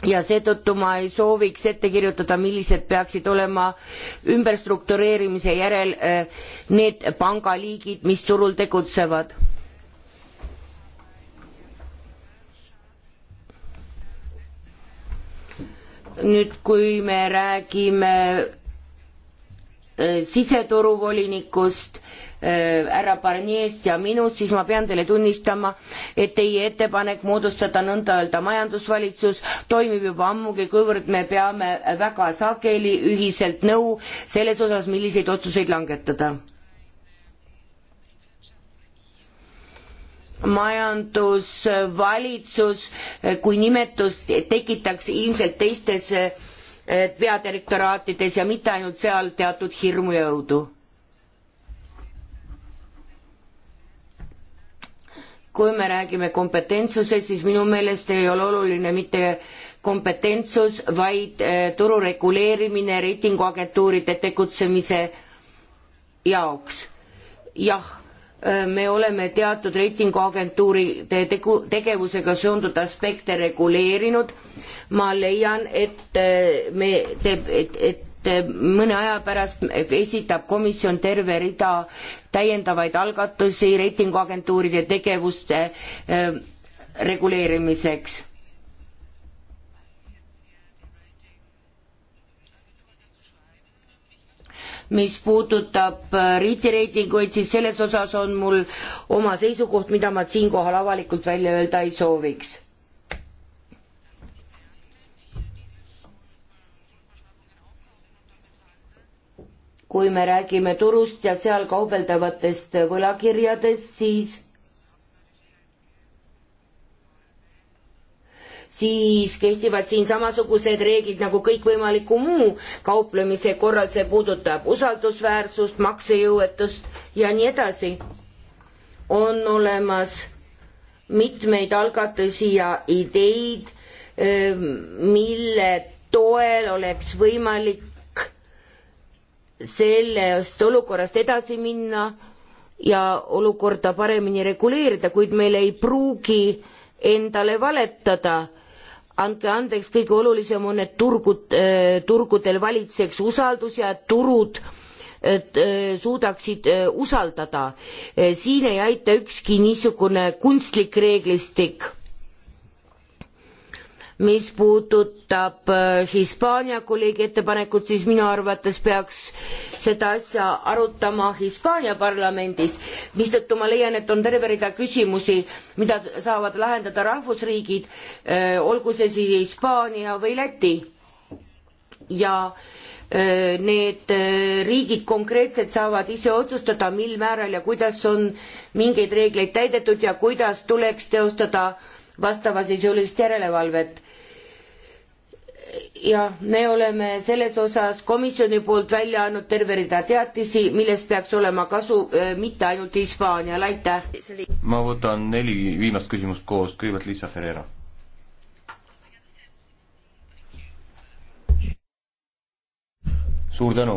ja seetõttu ma ei sooviks ette kirjutada, millised peaksid olema ümberstruktureerimise järel äh, need pangaliigid, mis turul tegutsevad nüüd, kui me räägime äh, siseturu volinikust, Äh, härra Barnier'st ja minust, siis ma pean teile tunnistama, et teie ettepanek moodustada nõnda öelda majandusvalitsus toimib juba ammugi, kuivõrd me peame väga sageli ühiselt nõu selles osas, milliseid otsuseid langetada. majandusvalitsus äh, kui nimetus tekitaks ilmselt teistes äh, peadirektoraatides ja mitte ainult seal teatud hirmu ja õudu kui me räägime kompetentsusest, siis minu meelest ei ole oluline mitte kompetentsus, vaid eh, turu reguleerimine reitinguagentuuride tegutsemise jaoks. jah, eh, me oleme teatud reitinguagentuuride tegu, tegevusega seonduvaid aspekte reguleerinud, ma leian, et eh, me, et, et et mõne aja pärast esitab komisjon terve rida täiendavaid algatusi reitinguagentuuride tegevuste ähm, reguleerimiseks mis puudutab äh, riidireitinguid, siis selles osas on mul oma seisukoht, mida ma siinkohal avalikult välja öelda ei sooviks. kui me räägime turust ja seal kaubeldavatest võlakirjadest, siis, siis kehtivad siin samasugused reeglid nagu kõikvõimaliku muu kauplemise korral, see puudutab usaldusväärsust, maksejõuetust ja nii edasi. on olemas mitmeid algatusi ja ideid, ehm, mille toel oleks võimalik sellest olukorrast edasi minna ja olukorda paremini reguleerida, kuid meil ei pruugi endale valetada. andke andeks, kõige olulisem on, et turgud, äh, turgudel valitseks usaldus ja turud et äh, suudaksid äh, usaldada. siin ei aita ükski niisugune kunstlik reeglistik mis puudutab äh, Hispaania kolleegi ettepanekut, siis minu arvates peaks seda asja arutama Hispaania parlamendis, mistõttu ma leian, et on terve rida küsimusi, mida saavad lahendada rahvusriigid, äh, olgu see siis Hispaania või Läti. ja äh, need riigid konkreetselt saavad ise otsustada, mil määral ja kuidas on mingeid reegleid täidetud ja kuidas tuleks teostada vastavasisulist järelevalvet jah, me oleme selles osas komisjoni poolt välja andnud terve rida teatisi, millest peaks olema kasu äh, mitte ainult Hispaanial, aitäh. ma võtan neli viimast küsimust koos, kõigepealt Liisa Ferreira. suur tänu,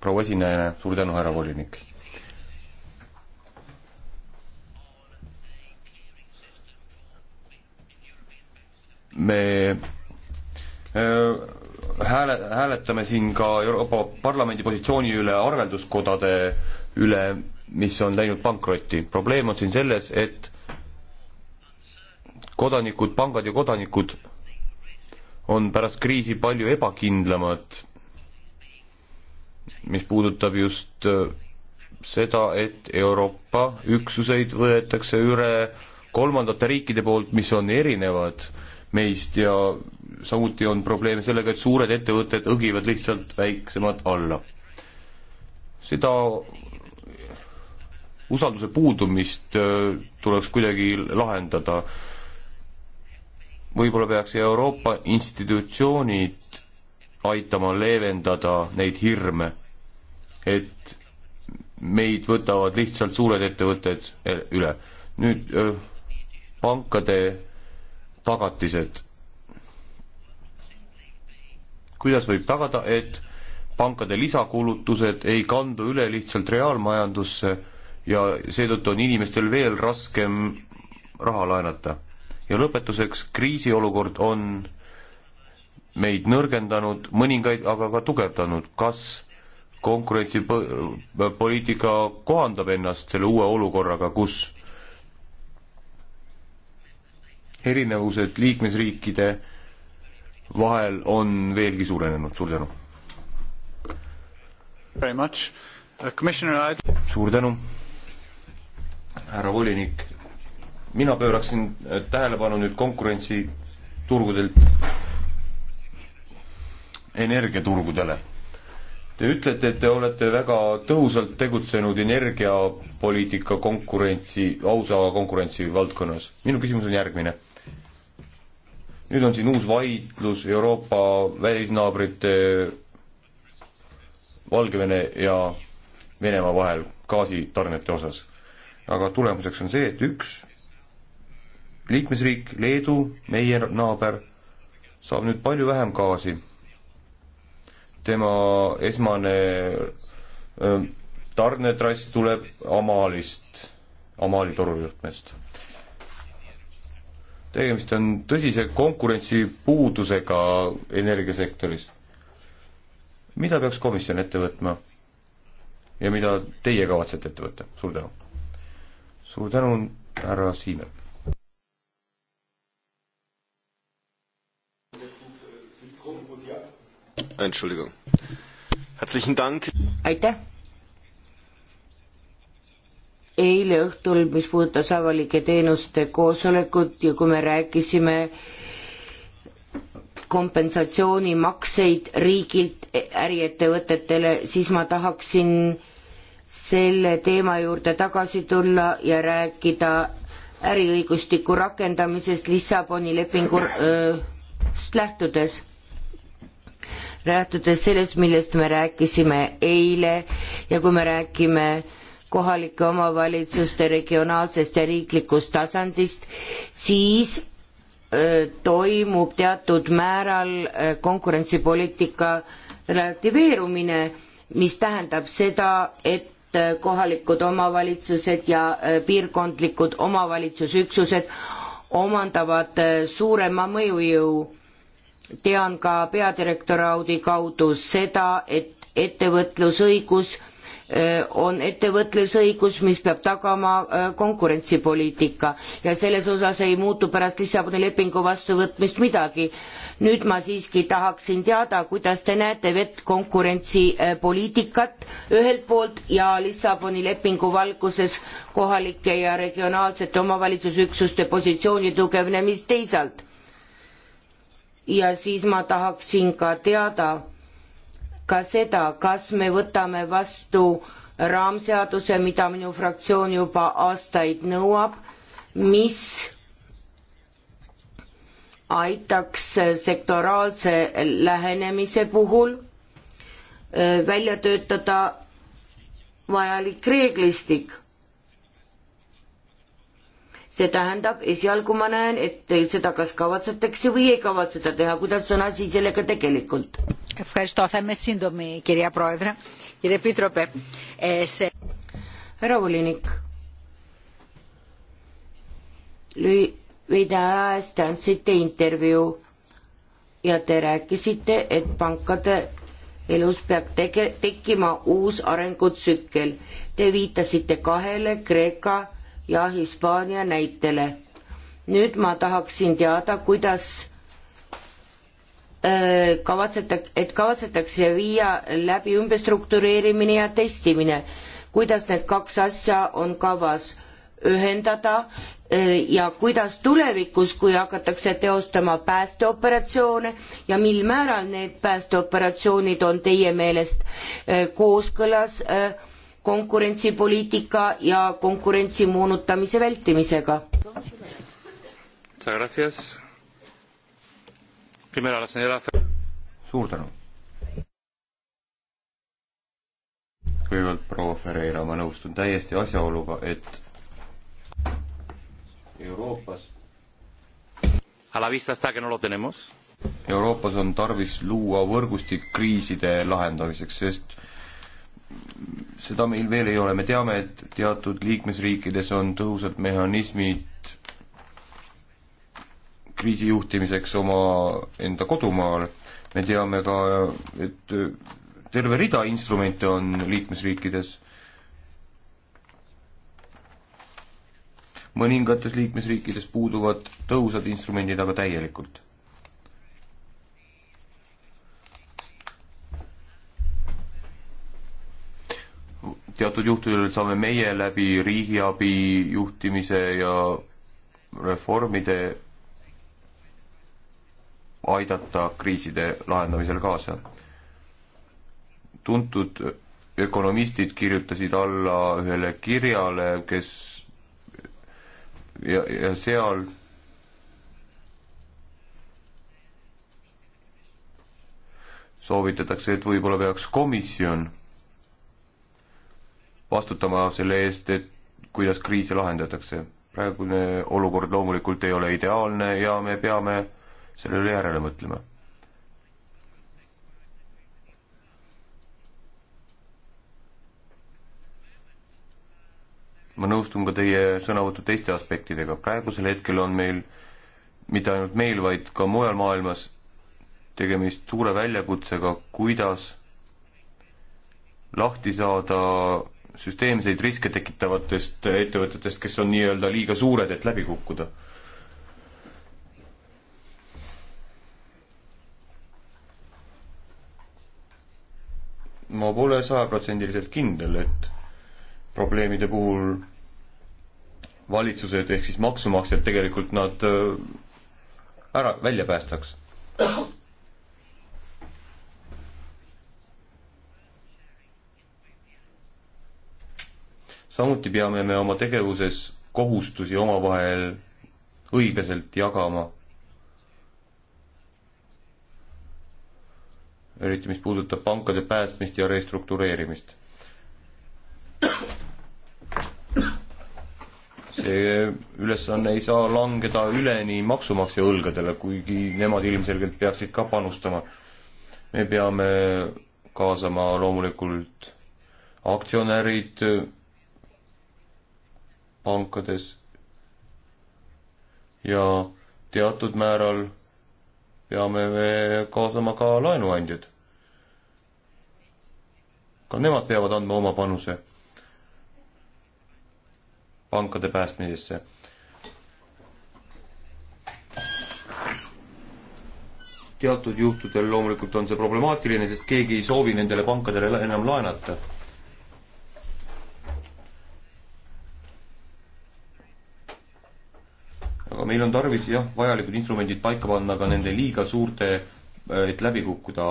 proua esineja, suur tänu, härra volinik me Äh, hääle, hääletame siin ka Euroopa Parlamendi positsiooni üle arvelduskodade üle, mis on läinud pankrotti. probleem on siin selles, et kodanikud, pangad ja kodanikud on pärast kriisi palju ebakindlamad, mis puudutab just äh, seda, et Euroopa üksuseid võetakse üle kolmandate riikide poolt, mis on erinevad äh, meist ja samuti on probleeme sellega, et suured ettevõtted õgivad lihtsalt väiksemad alla. seda usalduse puudumist äh, tuleks kuidagi lahendada. võib-olla peaks Euroopa institutsioonid aitama leevendada neid hirme, et meid võtavad lihtsalt suured ettevõtted üle. nüüd äh, pankade tagatised. kuidas võib tagada, et pankade lisakulutused ei kandu üle lihtsalt reaalmajandusse ja seetõttu on inimestel veel raskem raha laenata. ja lõpetuseks, kriisiolukord on meid nõrgendanud, mõningaid aga ka tugevdanud, kas konkurentsipoliitika kohandab ennast selle uue olukorraga, kus erinevused liikmesriikide vahel on veelgi suurenenud, suur tänu. Uh, suur tänu, härra volinik. mina pööraksin äh, tähelepanu nüüd konkurentsiturgudelt energiaturgudele. Te ütlete, et te olete väga tõhusalt tegutsenud energiapoliitika konkurentsi, ausa konkurentsi valdkonnas. minu küsimus on järgmine nüüd on siin uus vaidlus Euroopa välisnaabrite Valgevene ja Venemaa vahel gaasitarnete osas. aga tulemuseks on see, et üks liikmesriik, Leedu, meie naaber, saab nüüd palju vähem gaasi. tema esmane tarnetrass tuleb Amalist, Amali torujuhtmest tegemist on tõsise konkurentsipuudusega energiasektoris. mida peaks komisjon ette võtma? ja mida teie kavatsete ette võtta? suur tänu. suur tänu, härra Siimer. aitäh eile õhtul, mis puudutas avalike teenuste koosolekut ja kui me rääkisime kompensatsioonimakseid riigilt äriettevõtetele, siis ma tahaksin selle teema juurde tagasi tulla ja rääkida äriõigustiku rakendamisest Lissaboni lepingust lähtudes lähtudes sellest, millest me rääkisime eile ja kui me räägime kohalike omavalitsuste regionaalsest ja riiklikust tasandist, siis toimub teatud määral konkurentsipoliitika relativeerumine, mis tähendab seda, et kohalikud omavalitsused ja piirkondlikud omavalitsusüksused omandavad suurema mõjujõu. tean ka peadirektoraadi kaudu seda, et ettevõtlusõigus Äh, on ettevõtlusõigus, mis peab tagama äh, konkurentsipoliitika ja selles osas ei muutu pärast Lissaboni lepingu vastuvõtmist midagi. nüüd ma siiski tahaksin teada, kuidas te näete vett konkurentsipoliitikat äh, ühelt poolt ja Lissaboni lepingu valguses kohalike ja regionaalsete omavalitsusüksuste positsiooni tugevnemist teisalt. ja siis ma tahaksin ka teada, ka seda, kas me võtame vastu raamseaduse, mida minu fraktsioon juba aastaid nõuab, mis aitaks sektoraalse lähenemise puhul äh, välja töötada vajalik reeglistik see tähendab, esialgu ma näen, et seda kas kavatsetakse või ei kavatseta teha, kuidas on asi sellega tegelikult? härra volinik, lühi-, veidi aja eest andsite intervjuu ja te rääkisite, et pankade elus peab tege-, tekkima uus arengutsükkel. Te viitasite kahele Kreeka ja Hispaania näitele. nüüd ma tahaksin teada, kuidas äh, kavatsetakse, et kavatsetakse viia läbi ümberstruktureerimine ja testimine. kuidas need kaks asja on kavas ühendada äh, ja kuidas tulevikus, kui hakatakse teostama päästeoperatsioone ja mil määral need päästeoperatsioonid on teie meelest äh, kooskõlas äh, konkurentsipoliitika ja konkurentsi moonutamise vältimisega. suur tänu. kõigepealt proua Ferreira, ma nõustun täiesti asjaoluga, et Euroopas A la vista está que no lo tenemos. Euroopas on tarvis luua võrgustik kriiside lahendamiseks, sest seda meil veel ei ole, me teame, et teatud liikmesriikides on tõhusad mehhanismid kriisi juhtimiseks omaenda kodumaal, me teame ka, et terve rida instrumente on liikmesriikides, mõningates liikmesriikides puuduvad tõhusad instrumendid aga täielikult teatud juhtudel saame meie läbi riigiabi juhtimise ja reformide aidata kriiside lahendamisel kaasa. tuntud ökonomistid kirjutasid alla ühele kirjale, kes ja, ja seal soovitatakse, et võib-olla peaks komisjon vastutama selle eest, et kuidas kriise lahendatakse. praegune olukord loomulikult ei ole ideaalne ja me peame selle üle järele mõtlema. ma nõustun ka teie sõnavõtu teiste aspektidega, praegusel hetkel on meil mitte ainult meil, vaid ka mujal maailmas tegemist suure väljakutsega, kuidas lahti saada süsteemseid riske tekitavatest ettevõtetest, kes on nii-öelda liiga suured, et läbi kukkuda. ma pole sajaprotsendiliselt kindel, et probleemide puhul valitsused ehk siis maksumaksjad tegelikult nad äh, ära, välja päästaks. samuti peame me oma tegevuses kohustusi omavahel õiglaselt jagama. eriti, mis puudutab pankade päästmist ja restruktureerimist. see ülesanne ei saa langeda üleni maksumaksja õlgadele, kuigi nemad ilmselgelt peaksid ka panustama. me peame kaasama loomulikult aktsionärid, pankades ja teatud määral peame me kaasama ka laenuandjad. ka nemad peavad andma oma panuse pankade päästmisesse. teatud juhtudel loomulikult on see problemaatiline, sest keegi ei soovi nendele pankadele enam laenata meil on tarvis jah, vajalikud instrumendid paika panna ka nende liiga suurte, et läbi kukkuda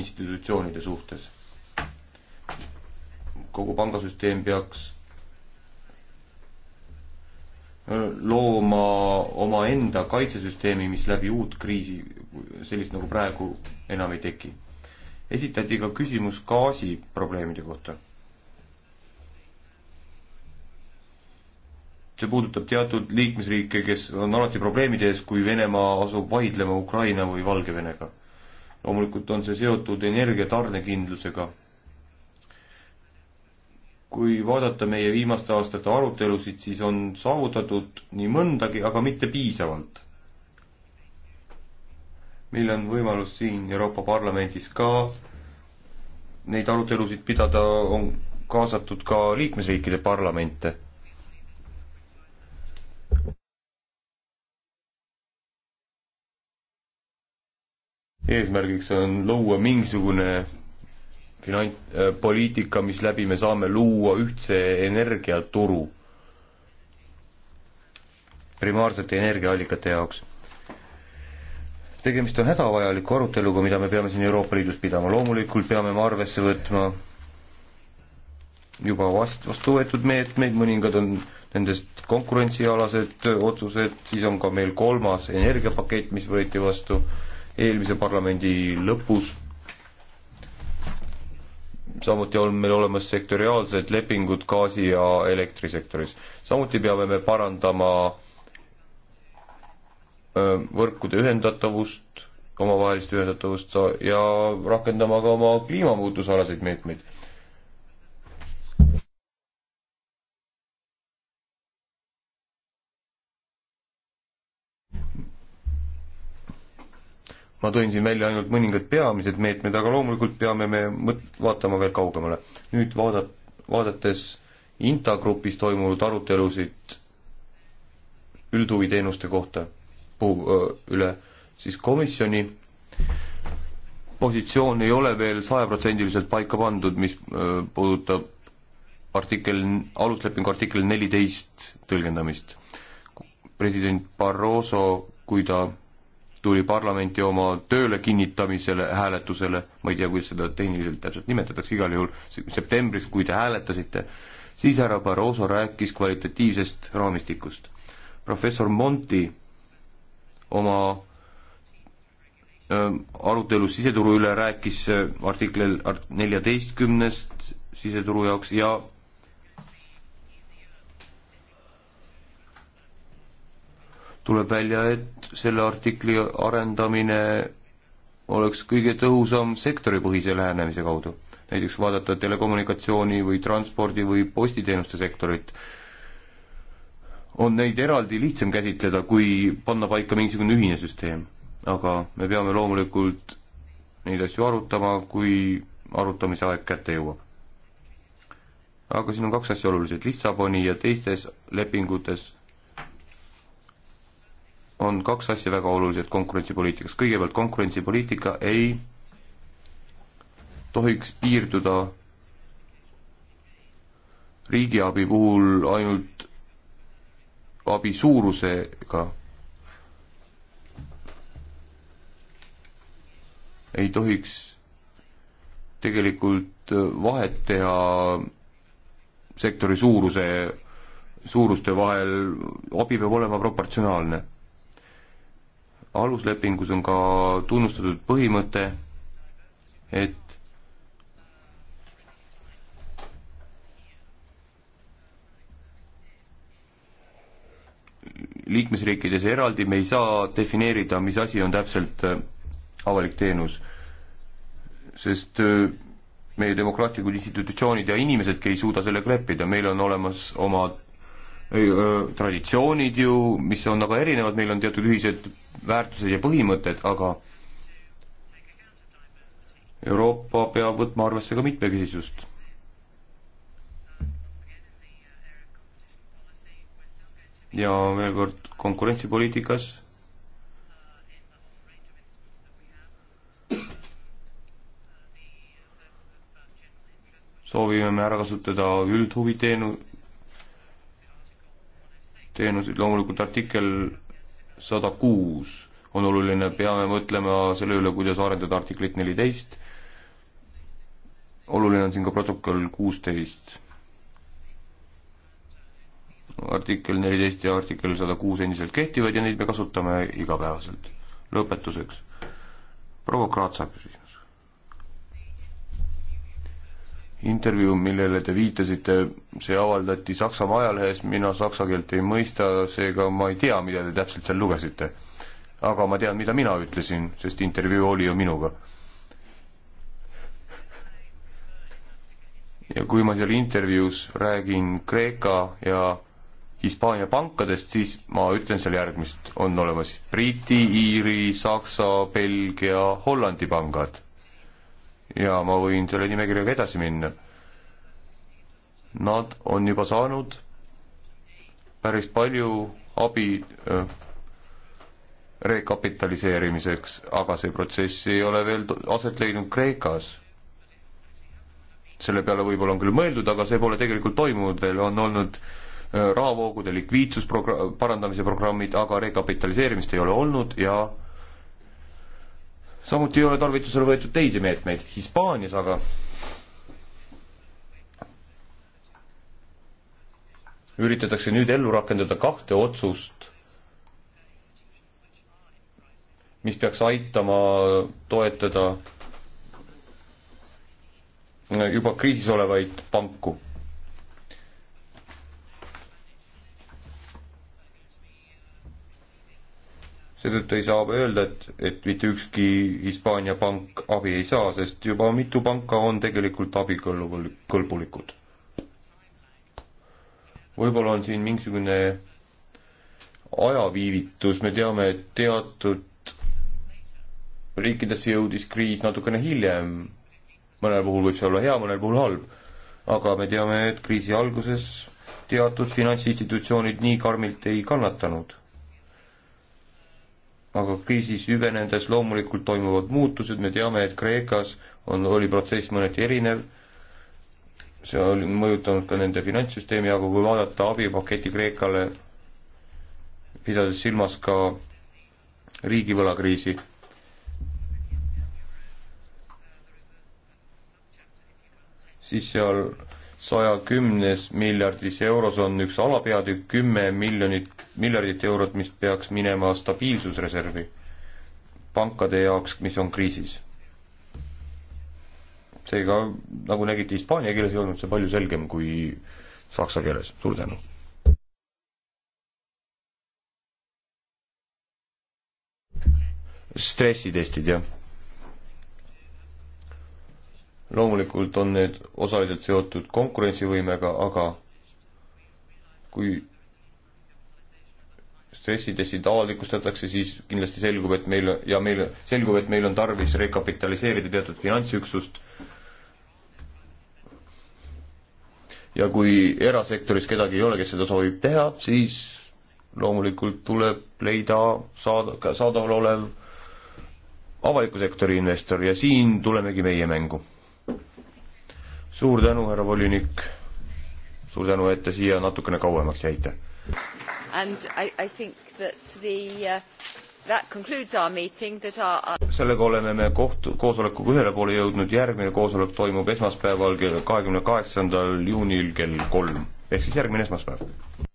institutsioonide suhtes. kogu pangasüsteem peaks äh, looma omaenda kaitsesüsteemi, mis läbi uut kriisi, sellist nagu praegu, enam ei teki. esitati ka küsimus gaasi probleemide kohta see puudutab teatud liikmesriike, kes on alati probleemide ees, kui Venemaa asub vaidlema Ukraina või Valgevenega. loomulikult on see seotud energia tarnekindlusega. kui vaadata meie viimaste aastate arutelusid, siis on saavutatud nii mõndagi, aga mitte piisavalt. meil on võimalus siin Euroopa Parlamendis ka neid arutelusid pidada, on kaasatud ka liikmesriikide parlamente eesmärgiks on luua mingisugune finant-, äh, poliitika, mis läbi me saame luua ühtse energiaturu primaarsete energiaallikate jaoks. tegemist on hädavajaliku aruteluga, mida me peame siin Euroopa Liidus pidama, loomulikult peame me arvesse võtma juba vast-, vastu võetud meetmeid, mõningad on nendest konkurentsialased otsused, siis on ka meil kolmas energiapakett, mis võeti vastu, eelmise parlamendi lõpus. samuti on meil olemas sektoriaalsed lepingud gaasi- ja elektrisektoris. samuti peame me parandama võrkude ühendatavust, omavahelist ühendatavust ja rakendama ka oma kliimamuutusealaseid meetmeid ma tõin siin välja ainult mõningad peamised meetmed, aga loomulikult peame me mõt-, vaatama veel kaugemale. nüüd vaada-, vaadates INTA grupis toimunud arutelusid üldhuviteenuste kohta puhu, üle, siis komisjoni positsioon ei ole veel sajaprotsendiliselt paika pandud, mis öö, puudutab artikkel, aluslepingu artikkel neliteist tõlgendamist. president Barroso, kui ta tuli parlamenti oma tööle kinnitamisele hääletusele, ma ei tea, kuidas seda tehniliselt täpselt nimetatakse, igal juhul septembris, kui te hääletasite, siis härra Barroso rääkis kvalitatiivsest raamistikust. professor Monti oma ähm, arutelus siseturu üle rääkis äh, artiklil neljateistkümnest siseturu jaoks ja tuleb välja, et selle artikli arendamine oleks kõige tõhusam sektoripõhise lähenemise kaudu. näiteks vaadata telekommunikatsiooni või transpordi või postiteenuste sektorit. on neid eraldi lihtsam käsitleda, kui panna paika mingisugune ühine süsteem. aga me peame loomulikult neid asju arutama, kui arutamise aeg kätte jõuab. aga siin on kaks asja olulised, Lissaboni ja teistes lepingutes on kaks asja väga olulised konkurentsipoliitikas. kõigepealt konkurentsipoliitika ei tohiks piirduda riigiabi puhul ainult abi suurusega. ei tohiks tegelikult vahet teha sektori suuruse, suuruste vahel, abi peab olema proportsionaalne aluslepingus on ka tunnustatud põhimõte, et liikmesriikides eraldi me ei saa defineerida, mis asi on täpselt äh, avalik teenus. sest äh, meie demokraatlikud institutsioonid ja inimesedki ei suuda sellega leppida, meil on olemas oma äh, traditsioonid ju, mis on aga erinevad, meil on teatud ühised väärtused ja põhimõtted, aga Euroopa peab võtma arvesse ka mitmekesisust. ja veel kord, konkurentsipoliitikas soovime me ära kasutada üldhuviteenu-, teenuseid, loomulikult artikkel sada kuus on oluline, peame mõtlema selle üle, kuidas arendada artiklit neliteist, oluline on siin ka protokoll kuusteist. artikkel neliteist ja artikkel sada kuus endiselt kehtivad ja neid me kasutame igapäevaselt. lõpetuseks, proua Kraatsa küsis. intervjuu, millele te viitasite, see avaldati Saksamaa ajalehes, mina saksa keelt ei mõista, seega ma ei tea, mida te täpselt seal lugesite. aga ma tean, mida mina ütlesin, sest intervjuu oli ju minuga. ja kui ma seal intervjuus räägin Kreeka ja Hispaania pankadest, siis ma ütlen seal järgmist, on olemas Briti, Iiri, Saksa, Belgia, Hollandi pangad ja ma võin selle nimekirjaga edasi minna. Nad on juba saanud päris palju abi äh, rekapitaliseerimiseks, aga see protsess ei ole veel aset leidnud Kreekas. selle peale võib-olla on küll mõeldud, aga see pole tegelikult toimunud veel, on olnud äh, rahavoogude likviidsusprogramm, parandamise programmid, aga rekapitaliseerimist ei ole olnud ja äh, samuti ei ole tarvitusele võetud teisi meetmeid, Hispaanias aga üritatakse nüüd ellu rakendada kahte otsust, mis peaks aitama toetada juba kriisis olevaid panku seetõttu ei saa öelda, et, et mitte ükski Hispaania pank abi ei saa, sest juba mitu panka on tegelikult abikõlbulikud. võib-olla on siin mingisugune ajaviivitus, me teame, et teatud riikidesse jõudis kriis natukene hiljem, mõnel puhul võib see olla hea, mõnel puhul halb, aga me teame, et kriisi alguses teatud finantsinstitutsioonid nii karmilt ei kannatanud aga kriisi süvenedes loomulikult toimuvad muutused, me teame, et Kreekas on, oli protsess mõneti erinev, see oli mõjutanud ka nende finantssüsteemi, aga kui vaadata abipaketi Kreekale, pidades silmas ka riigivõlakriisi, siis seal saja kümnes miljardis euros on üks alapeatükk kümme miljonit, miljardit eurot, mis peaks minema stabiilsusreservi pankade jaoks, mis on kriisis. seega, nagu nägite, hispaania keeles ei olnud see palju selgem kui saksa keeles, suur tänu. stressitestid, jah loomulikult on need osaliselt seotud konkurentsivõimega, aga kui stressitestid avalikustatakse, siis kindlasti selgub, et meil ja meil selgub, et meil on tarvis rekapitaliseerida teatud finantsüksust. ja kui erasektoris kedagi ei ole, kes seda soovib teha, siis loomulikult tuleb leida saada, saadaval olev avaliku sektori investor ja siin tulemegi meie mängu suur tänu, härra volinik. suur tänu, et te siia natukene kauemaks jäite. And I, I think that the uh, that concludes our meeting that our sellega oleme me koht-, koosolekuga ühele poole jõudnud, järgmine koosolek toimub esmaspäeval kell kahekümne kaheksandal juunil kell kolm, ehk siis järgmine esmaspäev.